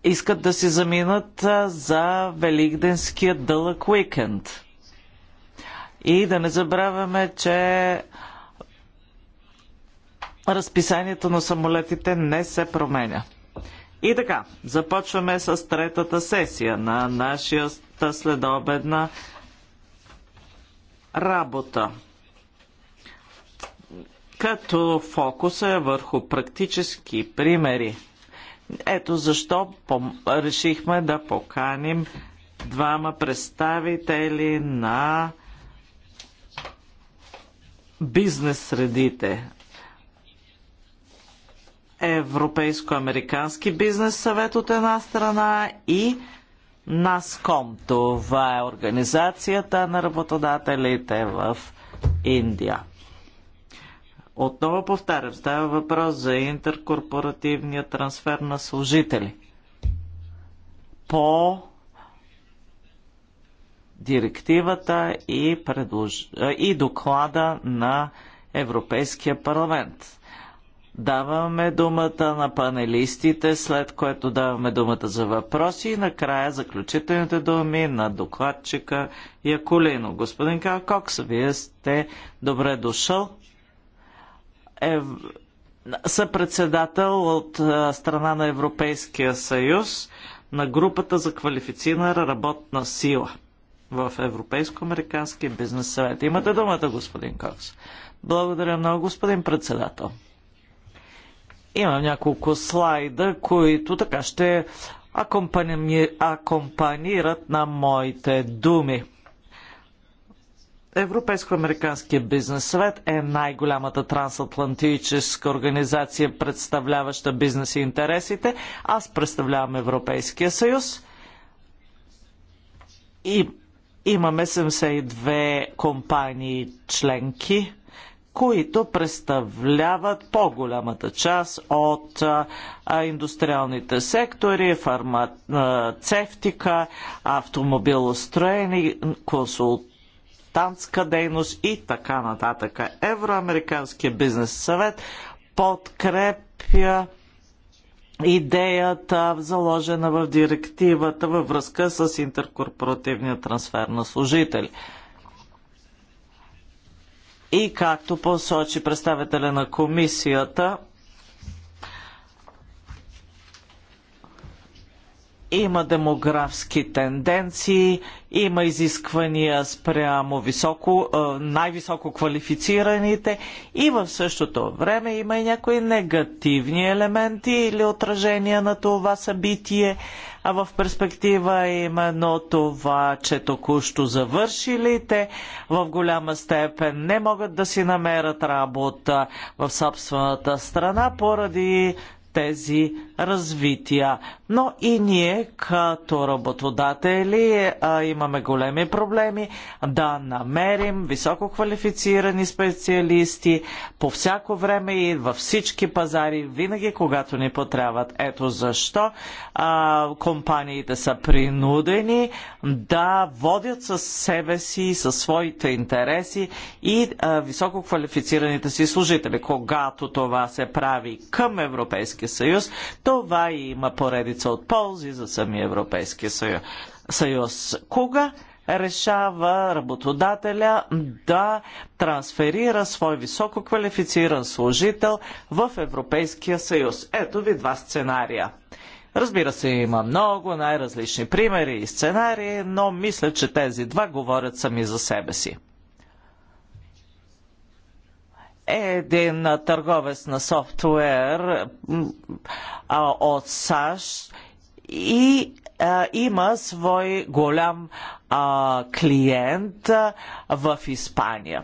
искат да си заминат за Великденския дълъг уикенд. И да не забравяме, че разписанието на самолетите не се променя. И така, започваме с третата сесия на нашата следобедна работа. Като фокус е върху практически примери. Ето защо решихме да поканим двама представители на бизнес средите. Европейско-американски бизнес съвет от една страна и НАСКОМ. Това е организацията на работодателите в Индия. Отново повтарям, става въпрос за интеркорпоративния трансфер на служители. По директивата и, предлож... и доклада на Европейския парламент. Даваме думата на панелистите, след което даваме думата за въпроси и накрая заключителните думи на докладчика Якулино. Господин Калкокс, вие сте добре дошъл. Е... Съпредседател от страна на Европейския съюз на групата за квалифицирана работна сила – в Европейско-американския бизнес съвет. Имате думата, господин Кокс. Благодаря много, господин председател. Имам няколко слайда, които така ще акомпанират на моите думи. Европейско-американския бизнес съвет е най-голямата трансатлантическа организация, представляваща бизнес и интересите. Аз представлявам Европейския съюз и Имаме 72 компании членки, които представляват по-голямата част от индустриалните сектори, фармацевтика, автомобилостроени, консултантска дейност и така нататък. Евроамериканския бизнес съвет подкрепя идеята заложена в директивата във връзка с интеркорпоративния трансфер на служители. И както посочи представителя на комисията, има демографски тенденции, има изисквания спрямо високо, е, най-високо квалифицираните и в същото време има и някои негативни елементи или отражения на това събитие, а в перспектива е именно това, че току-що завършилите в голяма степен не могат да си намерят работа в собствената страна поради тези развития. Но и ние като работодатели а, имаме големи проблеми да намерим високо квалифицирани специалисти по всяко време и във всички пазари, винаги когато ни потребват. Ето защо а, компаниите са принудени да водят със себе си, със своите интереси и а, високо квалифицираните си служители. Когато това се прави към Европейския съюз, това има поредица от ползи за самия Европейския съюз. Кога решава работодателя да трансферира свой високо квалифициран служител в Европейския съюз. Ето ви два сценария. Разбира се, има много най-различни примери и сценарии, но мисля, че тези два говорят сами за себе си един търговец на софтуер а, от САЩ и а, има свой голям а, клиент а, в Испания.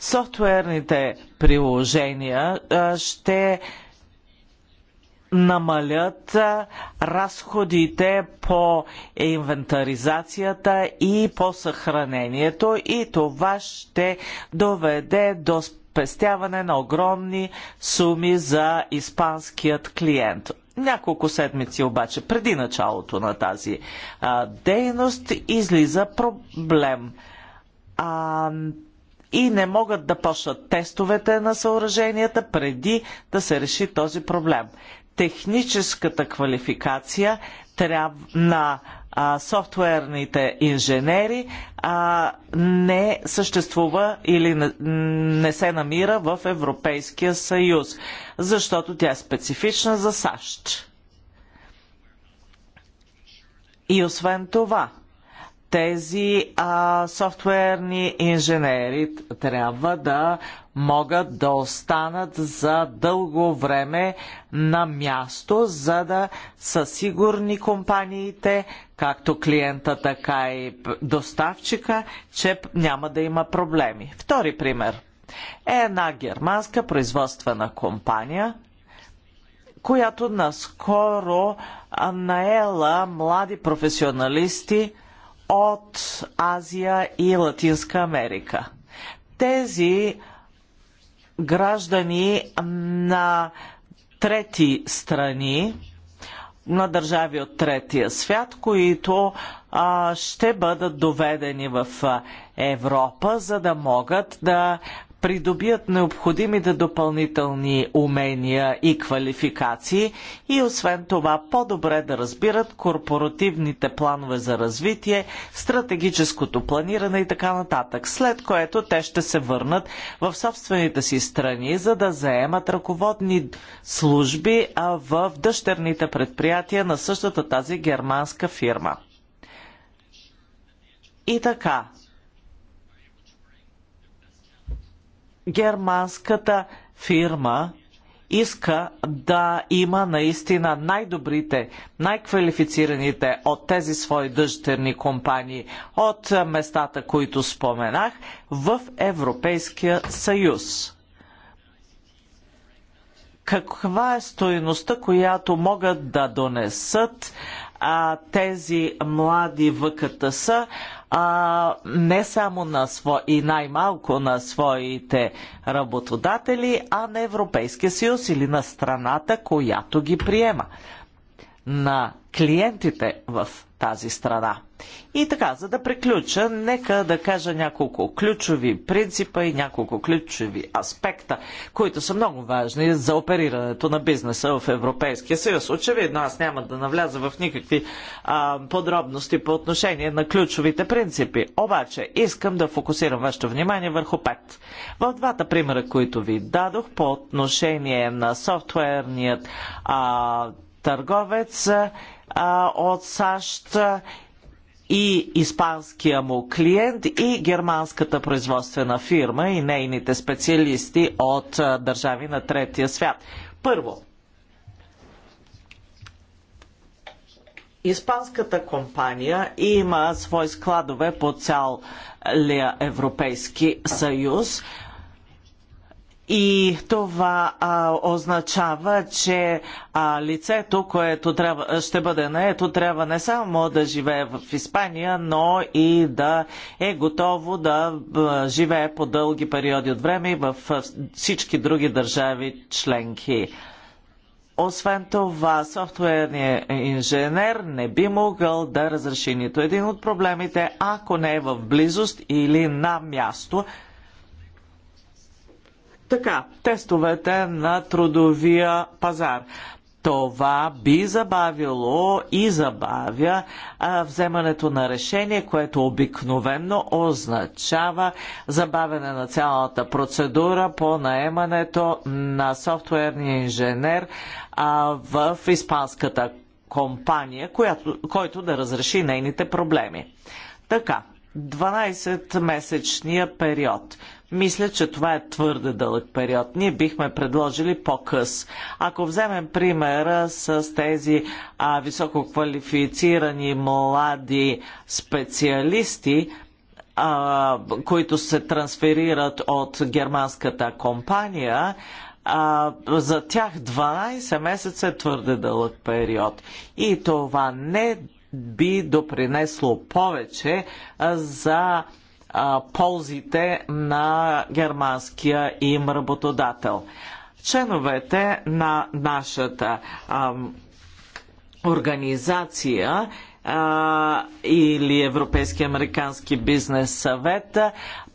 Софтуерните приложения а, ще а, намалят разходите по инвентаризацията и по съхранението и това ще доведе до спестяване на огромни суми за испанският клиент. Няколко седмици обаче преди началото на тази а, дейност излиза проблем. А, и не могат да почнат тестовете на съоръженията преди да се реши този проблем техническата квалификация на а, софтуерните инженери а, не съществува или не, не се намира в Европейския съюз, защото тя е специфична за САЩ. И освен това, тези а, софтуерни инженери трябва да могат да останат за дълго време на място, за да са сигурни компаниите, както клиента, така и доставчика, че няма да има проблеми. Втори пример е една германска производствена компания, която наскоро наела млади професионалисти – от Азия и Латинска Америка. Тези граждани на трети страни, на държави от третия свят, които а, ще бъдат доведени в Европа, за да могат да придобият необходимите допълнителни умения и квалификации и освен това по-добре да разбират корпоративните планове за развитие, стратегическото планиране и така нататък, след което те ще се върнат в собствените си страни, за да заемат ръководни служби в дъщерните предприятия на същата тази германска фирма. И така, германската фирма иска да има наистина най-добрите, най-квалифицираните от тези свои дъщерни компании от местата, които споменах, в Европейския съюз. Каква е стоеността, която могат да донесат а, тези млади ВКТС, а, не само на сво... и най-малко на своите работодатели, а на Европейския съюз или на страната, която ги приема на клиентите в тази страна. И така, за да приключа, нека да кажа няколко ключови принципа и няколко ключови аспекта, които са много важни за оперирането на бизнеса в Европейския съюз. Очевидно, аз няма да навляза в никакви а, подробности по отношение на ключовите принципи. Обаче, искам да фокусирам вашето внимание върху пет. В двата примера, които ви дадох по отношение на софтуерният а, търговец а, от САЩ и испанския му клиент и германската производствена фирма и нейните специалисти от а, държави на третия свят. Първо, Испанската компания има свои складове по цял Европейски съюз. И това а, означава, че а, лицето, което трябва, ще бъде наето, трябва не само да живее в Испания, но и да е готово да а, живее по дълги периоди от време в всички други държави членки. Освен това, софтуерният инженер не би могъл да разреши нито един от проблемите, ако не е в близост или на място така, тестовете на трудовия пазар. Това би забавило и забавя а, вземането на решение, което обикновенно означава забавяне на цялата процедура по наемането на софтуерния инженер а, в испанската компания, която, който да разреши нейните проблеми. Така, 12-месечния период. Мисля, че това е твърде дълъг период. Ние бихме предложили по-къс. Ако вземем примера с тези а, висококвалифицирани млади специалисти, а, които се трансферират от германската компания, а, за тях 12 месеца е твърде дълъг период. И това не би допринесло повече за а, ползите на германския им работодател. Членовете на нашата а, организация а, или Европейски американски бизнес съвет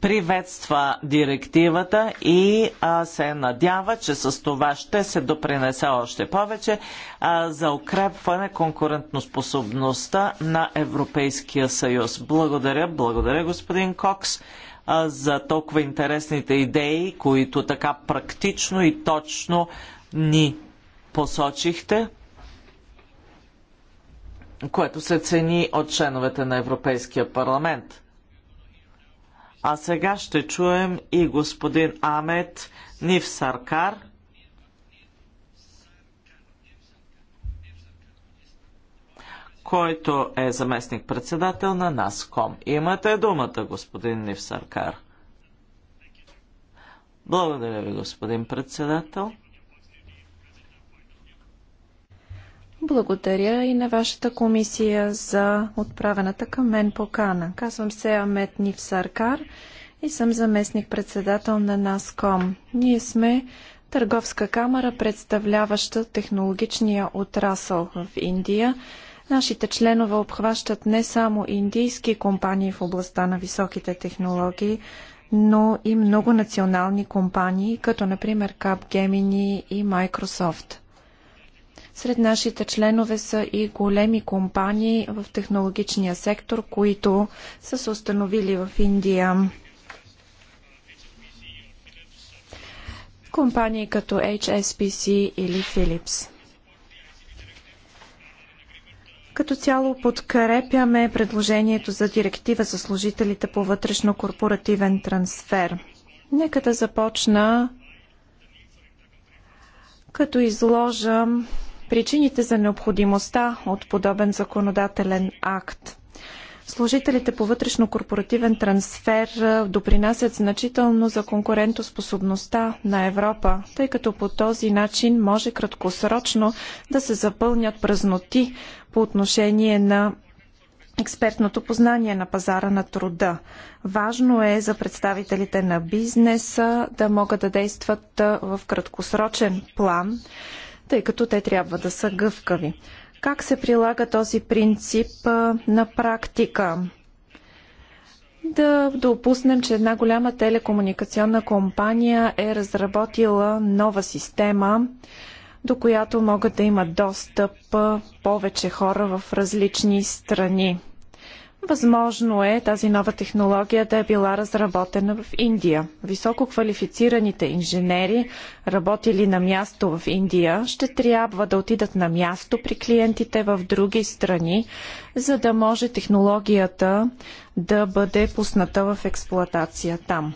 приветства директивата и а, се надява, че с това ще се допринесе още повече а, за укрепване конкурентноспособността на Европейския съюз. Благодаря, благодаря господин Кокс а, за толкова интересните идеи, които така практично и точно ни посочихте което се цени от членовете на Европейския парламент. А сега ще чуем и господин Амет Нивсаркар, който е заместник-председател на НАСКОМ. Имате думата, господин Нивсаркар. Благодаря ви, господин председател. Благодаря и на вашата комисия за отправената към мен покана. Казвам се Амет Нив Саркар и съм заместник-председател на НАСКОМ. Ние сме търговска камера, представляваща технологичния отрасъл в Индия. Нашите членове обхващат не само индийски компании в областта на високите технологии, но и много национални компании, като например Capgemini и Microsoft. Сред нашите членове са и големи компании в технологичния сектор, които са се установили в Индия. Компании като HSBC или Philips. Като цяло подкрепяме предложението за директива за служителите по вътрешно-корпоративен трансфер. Нека да започна като изложа причините за необходимостта от подобен законодателен акт. Служителите по вътрешно-корпоративен трансфер допринасят значително за конкурентоспособността на Европа, тъй като по този начин може краткосрочно да се запълнят празноти по отношение на експертното познание на пазара на труда. Важно е за представителите на бизнеса да могат да действат в краткосрочен план тъй като те трябва да са гъвкави. Как се прилага този принцип на практика? Да допуснем, че една голяма телекомуникационна компания е разработила нова система, до която могат да имат достъп повече хора в различни страни. Възможно е тази нова технология да е била разработена в Индия. Високо квалифицираните инженери, работили на място в Индия, ще трябва да отидат на място при клиентите в други страни, за да може технологията да бъде пусната в експлоатация там.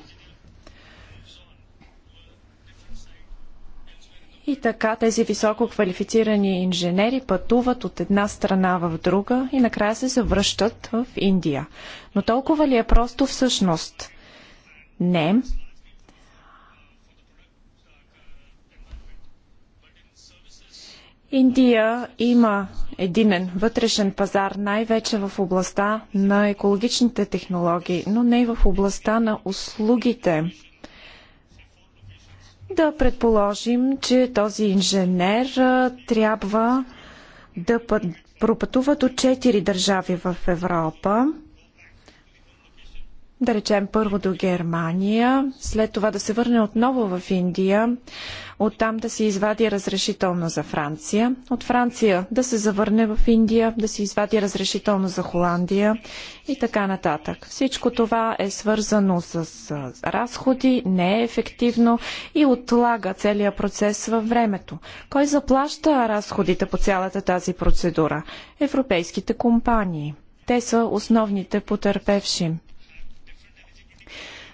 И така тези високо квалифицирани инженери пътуват от една страна в друга и накрая се завръщат в Индия. Но толкова ли е просто всъщност? Не. Индия има единен вътрешен пазар най-вече в областта на екологичните технологии, но не и в областта на услугите. Да предположим, че този инженер трябва да пропътува до 4 държави в Европа да речем първо до Германия, след това да се върне отново в Индия, оттам да се извади разрешително за Франция, от Франция да се завърне в Индия, да се извади разрешително за Холандия и така нататък. Всичко това е свързано с разходи, не е ефективно и отлага целия процес във времето. Кой заплаща разходите по цялата тази процедура? Европейските компании. Те са основните потерпевши.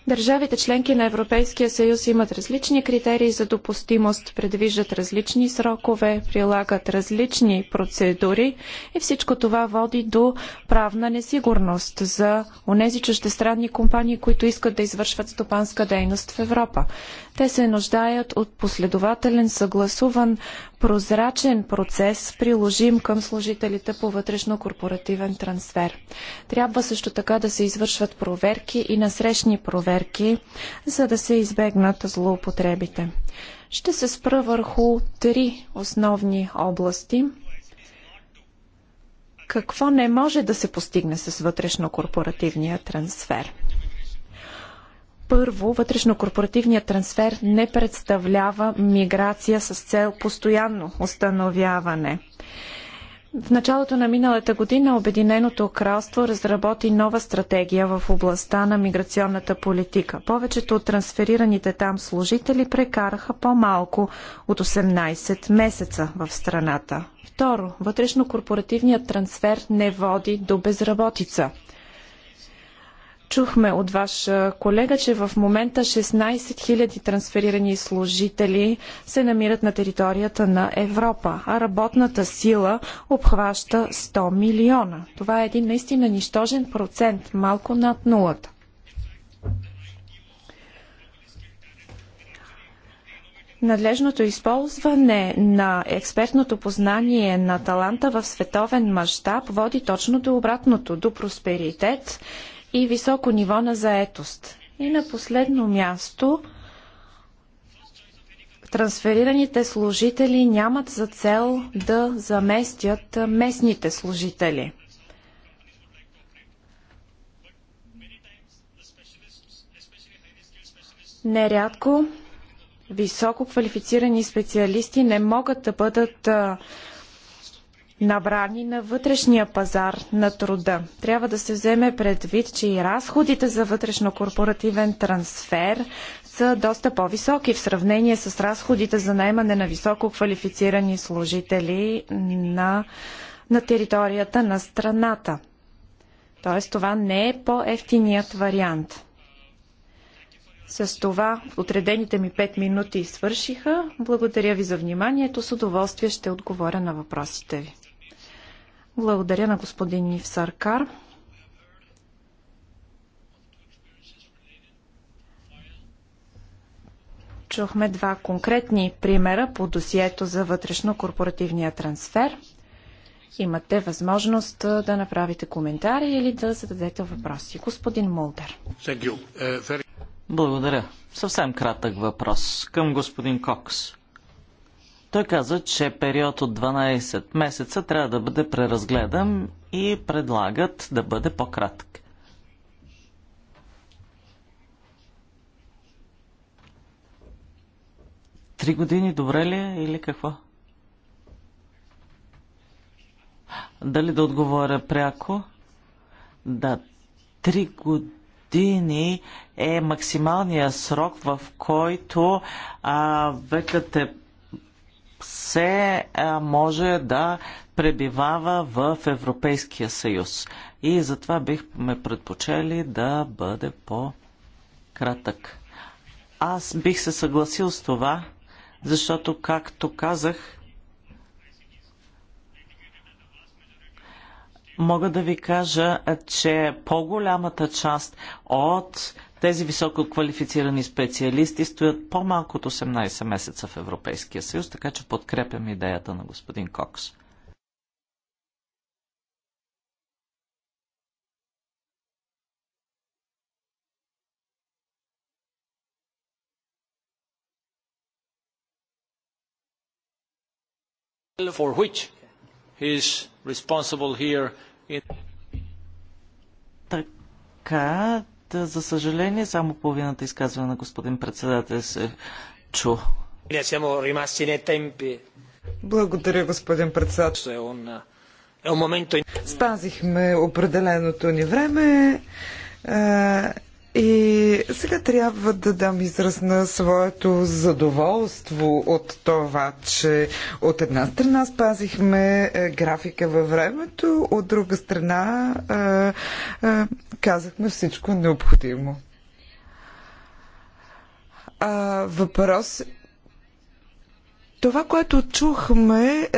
Държавите членки на Европейския съюз имат различни критерии за допустимост, предвиждат различни срокове, прилагат различни процедури и всичко това води до правна несигурност за онези чуждестранни компании, които искат да извършват стопанска дейност в Европа. Те се нуждаят от последователен, съгласуван, прозрачен процес, приложим към служителите по вътрешно-корпоративен трансфер. Трябва също така да се извършват проверки и насрещни проверки, за да се избегнат злоупотребите. Ще се спра върху три основни области, какво не може да се постигне с вътрешно-корпоративния трансфер. Първо, вътрешно корпоративният трансфер не представлява миграция с цел постоянно установяване. В началото на миналата година Обединеното кралство разработи нова стратегия в областта на миграционната политика. Повечето от трансферираните там служители прекараха по-малко от 18 месеца в страната. Второ, вътрешно-корпоративният трансфер не води до безработица. Чухме от ваш колега, че в момента 16 000 трансферирани служители се намират на територията на Европа, а работната сила обхваща 100 милиона. Това е един наистина нищожен процент, малко над нулата. Надлежното използване на експертното познание на таланта в световен мащаб води точно до обратното, до просперитет и високо ниво на заетост. И на последно място, трансферираните служители нямат за цел да заместят местните служители. Нерядко високо квалифицирани специалисти не могат да бъдат набрани на вътрешния пазар на труда. Трябва да се вземе предвид, че и разходите за вътрешно-корпоративен трансфер са доста по-високи в сравнение с разходите за найемане на високо квалифицирани служители на, на територията на страната. Тоест това не е по-ефтиният вариант. С това отредените ми 5 минути свършиха. Благодаря ви за вниманието. С удоволствие ще отговоря на въпросите ви. Благодаря на господин Ив Саркар. Чухме два конкретни примера по досието за вътрешно-корпоративния трансфер. Имате възможност да направите коментари или да зададете въпроси. Господин Молдер. Uh, Благодаря. Съвсем кратък въпрос към господин Кокс. Той каза, че период от 12 месеца трябва да бъде преразгледан и предлагат да бъде по-кратък. Три години добре ли е или какво? Дали да отговоря пряко? Да, три години е максималният срок, в който а, е. Се може да пребивава в Европейския съюз. И затова бихме предпочели да бъде по-кратък. Аз бих се съгласил с това, защото, както казах, мога да ви кажа, че по-голямата част от тези високо квалифицирани специалисти стоят по-малко от 18 месеца в Европейския съюз, така че подкрепям идеята на господин Кокс. for which he is responsible here in така за съжаление, само половината изказване на господин председател се чу. Благодаря, господин председател. Е е, е Спазихме определеното ни време. И сега трябва да дам израз на своето задоволство от това, че от една страна спазихме е, графика във времето, от друга страна е, е, казахме всичко необходимо. въпрос това, което чухме,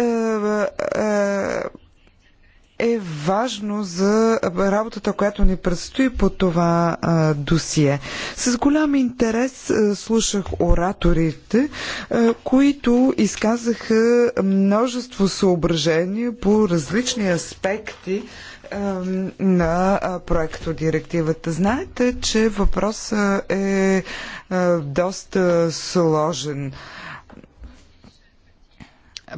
е важно за работата, която ни предстои по това а, досие. С голям интерес а, слушах ораторите, а, които изказаха множество съображения по различни аспекти на проекто директивата. Знаете, че въпросът е доста сложен.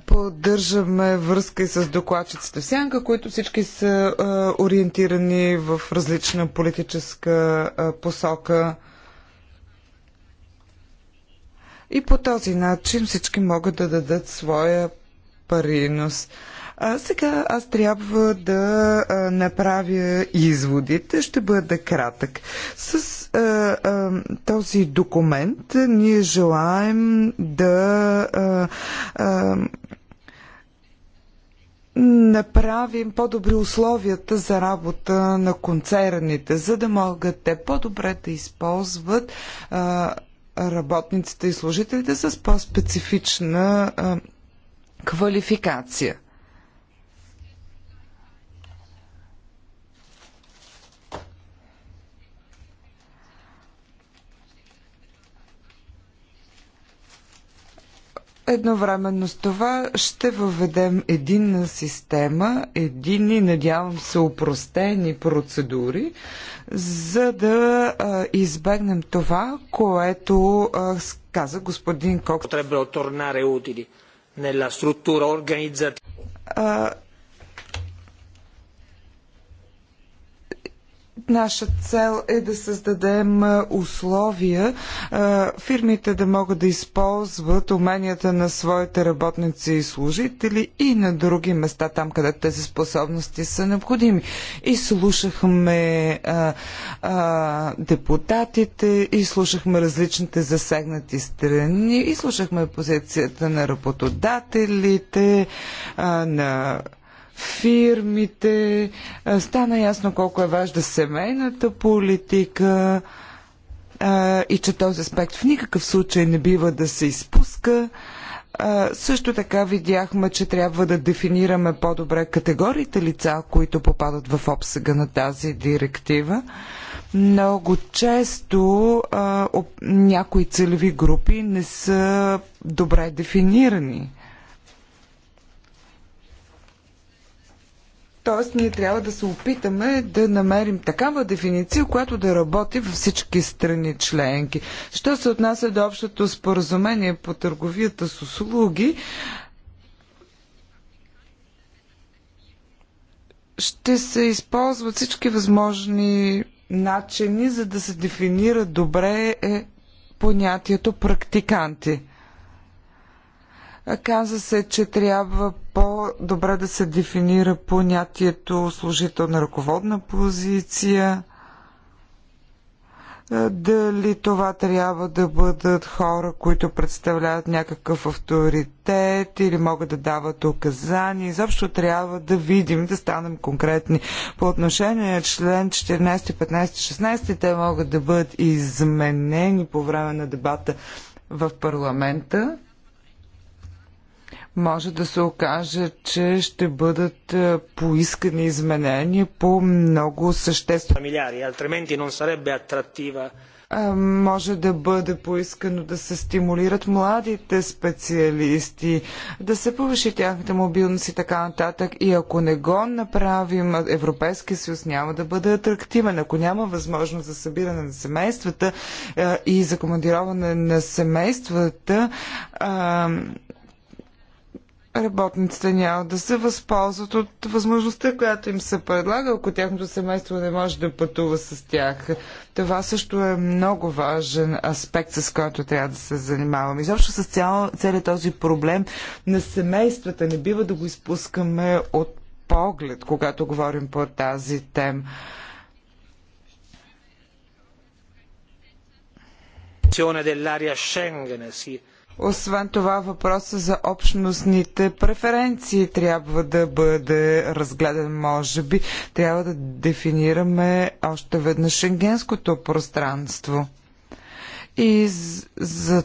Поддържаме връзка и с докладчиците в Сянка, които всички са ориентирани в различна политическа посока. И по този начин всички могат да дадат своя паринос. А сега аз трябва да а, направя изводите. Ще бъда кратък. С а, а, този документ ние желаем да. А, а, направим по-добри условията за работа на концерните, за да могат те по-добре да използват а, работниците и служителите с по-специфична квалификация. Едновременно с това ще въведем единна система, едини, надявам се, упростени процедури, за да а, избегнем това, което а, каза господин Кок. Потреббero tornare utili Наша цел е да създадем условия фирмите да могат да използват уменията на своите работници и служители и на други места, там където тези способности са необходими. И слушахме а, а, депутатите, и слушахме различните засегнати страни, и слушахме позицията на работодателите, а, на фирмите. Стана ясно колко е важна семейната политика и че този аспект в никакъв случай не бива да се изпуска. Също така видяхме, че трябва да дефинираме по-добре категориите лица, които попадат в обсега на тази директива. Много често някои целеви групи не са добре дефинирани. Тоест, ние трябва да се опитаме да намерим такава дефиниция, която да работи във всички страни членки. Що се отнася до общото споразумение по търговията с услуги, ще се използват всички възможни начини, за да се дефинира добре е понятието практиканти. Каза се, че трябва по-добре да се дефинира понятието служител на ръководна позиция. Е, дали това трябва да бъдат хора, които представляват някакъв авторитет или могат да дават указания. Изобщо трябва да видим, да станем конкретни. По отношение на член 14, 15, 16, те могат да бъдат изменени по време на дебата в парламента може да се окаже, че ще бъдат е, поискани изменения по много съществени. Е, може да бъде поискано да се стимулират младите специалисти, да се повиши тяхната мобилност и така нататък. И ако не го направим, Европейския съюз няма да бъде атрактивен. Ако няма възможност за събиране на семействата е, и за командироване на семействата, работниците няма да се възползват от възможността, която им се предлага, ако тяхното семейство не може да пътува с тях. Това също е много важен аспект, с който трябва да се занимаваме. Изобщо с цял, целият този проблем на семействата не бива да го изпускаме от поглед, когато говорим по тази тема. Шенген, си. Освен това, въпроса за общностните преференции трябва да бъде разгледан, може би. Трябва да дефинираме още веднъж шенгенското пространство. И за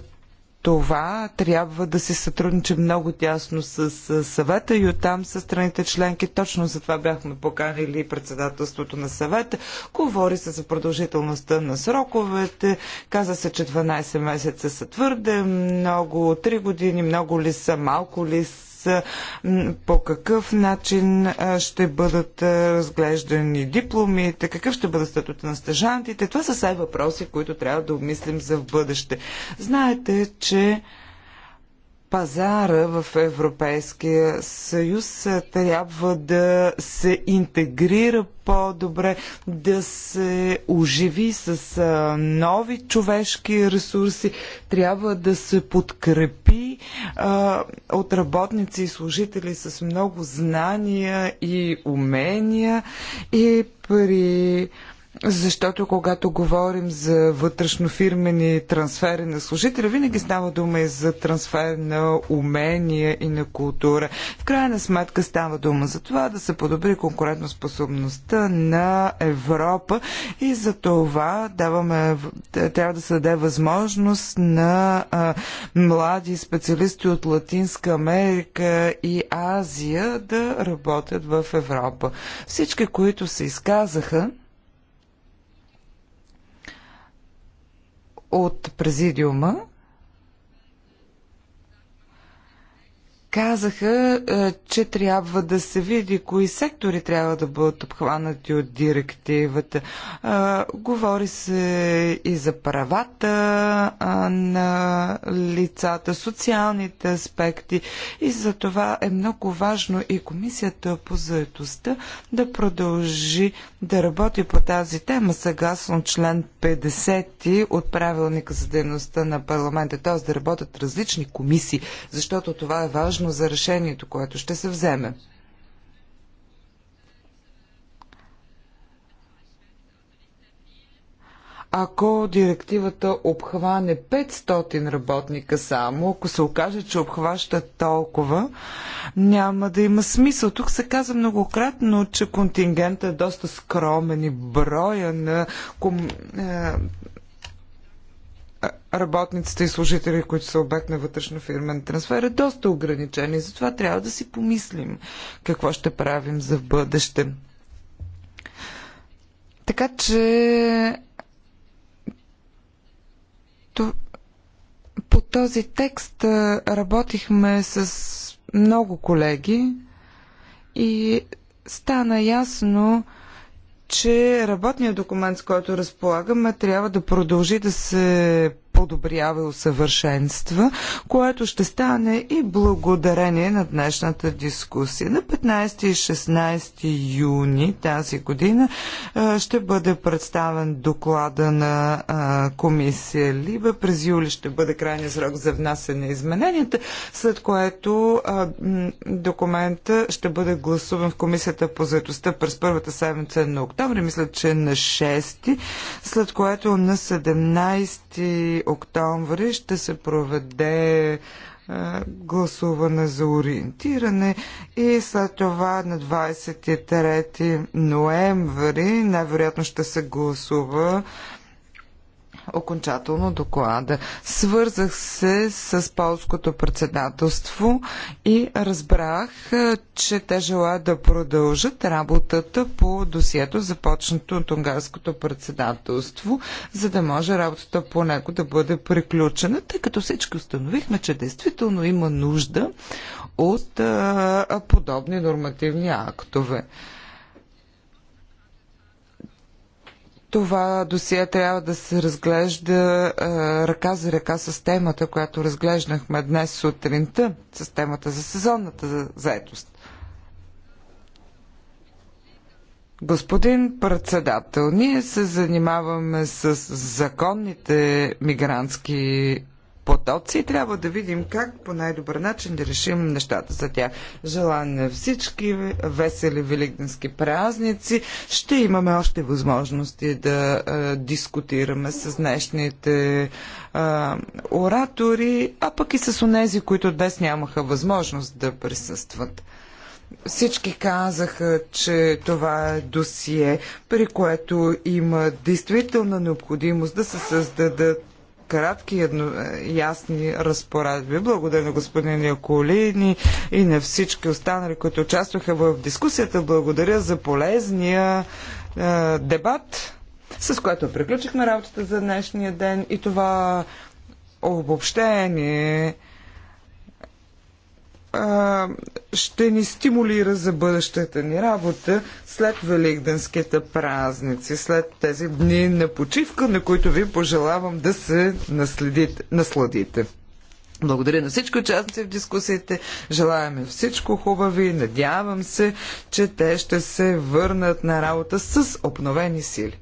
това трябва да се сътрудничи много тясно с съвета и оттам с страните членки. Точно за това бяхме поканили председателството на съвета. Говори се за продължителността на сроковете. Каза се, че 12 месеца са твърде много, 3 години, много ли са, малко ли са по какъв начин ще бъдат разглеждани дипломите, какъв ще бъде статута на стъжантите. Това са все въпроси, които трябва да обмислим за в бъдеще. Знаете, че пазара в Европейския съюз трябва да се интегрира по-добре, да се оживи с нови човешки ресурси, трябва да се подкрепи а, от работници и служители с много знания и умения и при защото когато говорим за вътрешнофирмени трансфери на служители, винаги става дума и за трансфер на умения и на култура. В крайна сметка става дума за това да се подобри конкурентоспособността на Европа и за това даваме, трябва да се даде възможност на а, млади специалисти от Латинска Америка и Азия да работят в Европа. Всички, които се изказаха, от президиума. казаха, е, че трябва да се види кои сектори трябва да бъдат обхванати от директивата. Е, говори се и за правата на лицата, социалните аспекти и за това е много важно и комисията по заедостта да продължи да работи по тази тема съгласно член 50 от правилника за дейността на парламента, т.е. да работят различни комисии, защото това е важно важно за решението, което ще се вземе. ако директивата обхване 500 работника само, ако се окаже, че обхваща толкова, няма да има смисъл. Тук се каза многократно, че контингентът е доста скромен и броя на ком... Е, работниците и служители, които са обект на вътрешно фирмен трансфер, е доста ограничен и затова трябва да си помислим какво ще правим за в бъдеще. Така че по този текст работихме с много колеги и стана ясно, че работният документ, с който разполагаме, трябва да продължи да се подобрява и усъвършенства, което ще стане и благодарение на днешната дискусия. На 15 и 16 юни тази година ще бъде представен доклада на комисия Либе. През юли ще бъде крайния срок за внасяне на измененията, след което документа ще бъде гласуван в комисията по заедостта през първата седмица на октомври, мисля, че на 6, след което на 17 октомври ще се проведе е, гласуване за ориентиране и след това на 23 ноември най-вероятно ще се гласува окончателно доклада. Свързах се с полското председателство и разбрах, е, че те желаят да продължат работата по досието, започнато от унгарското председателство, за да може работата по него да бъде приключена, тъй като всички установихме, че действително има нужда от а, е, подобни нормативни актове. Това досие трябва да се разглежда е, ръка за ръка с темата, която разглеждахме днес сутринта, с темата за сезонната заетост. Господин председател, ние се занимаваме с законните мигрантски потоци и трябва да видим как по най-добър начин да решим нещата за тях. Желая на всички весели великденски празници. Ще имаме още възможности да а, дискутираме с днешните а, оратори, а пък и с онези, които днес нямаха възможност да присъстват. Всички казаха, че това е досие, при което има действителна необходимост да се създадат кратки, едно, е, ясни разпоредби. Благодаря на господин Яколини и на всички останали, които участваха в дискусията. Благодаря за полезния е, дебат, с който приключихме работата за днешния ден и това обобщение а, ще ни стимулира за бъдещата ни работа след великденските празници, след тези дни на почивка, на които ви пожелавам да се наследите, насладите. Благодаря на всички участници в дискусиите. Желаем всичко хубави. Надявам се, че те ще се върнат на работа с обновени сили.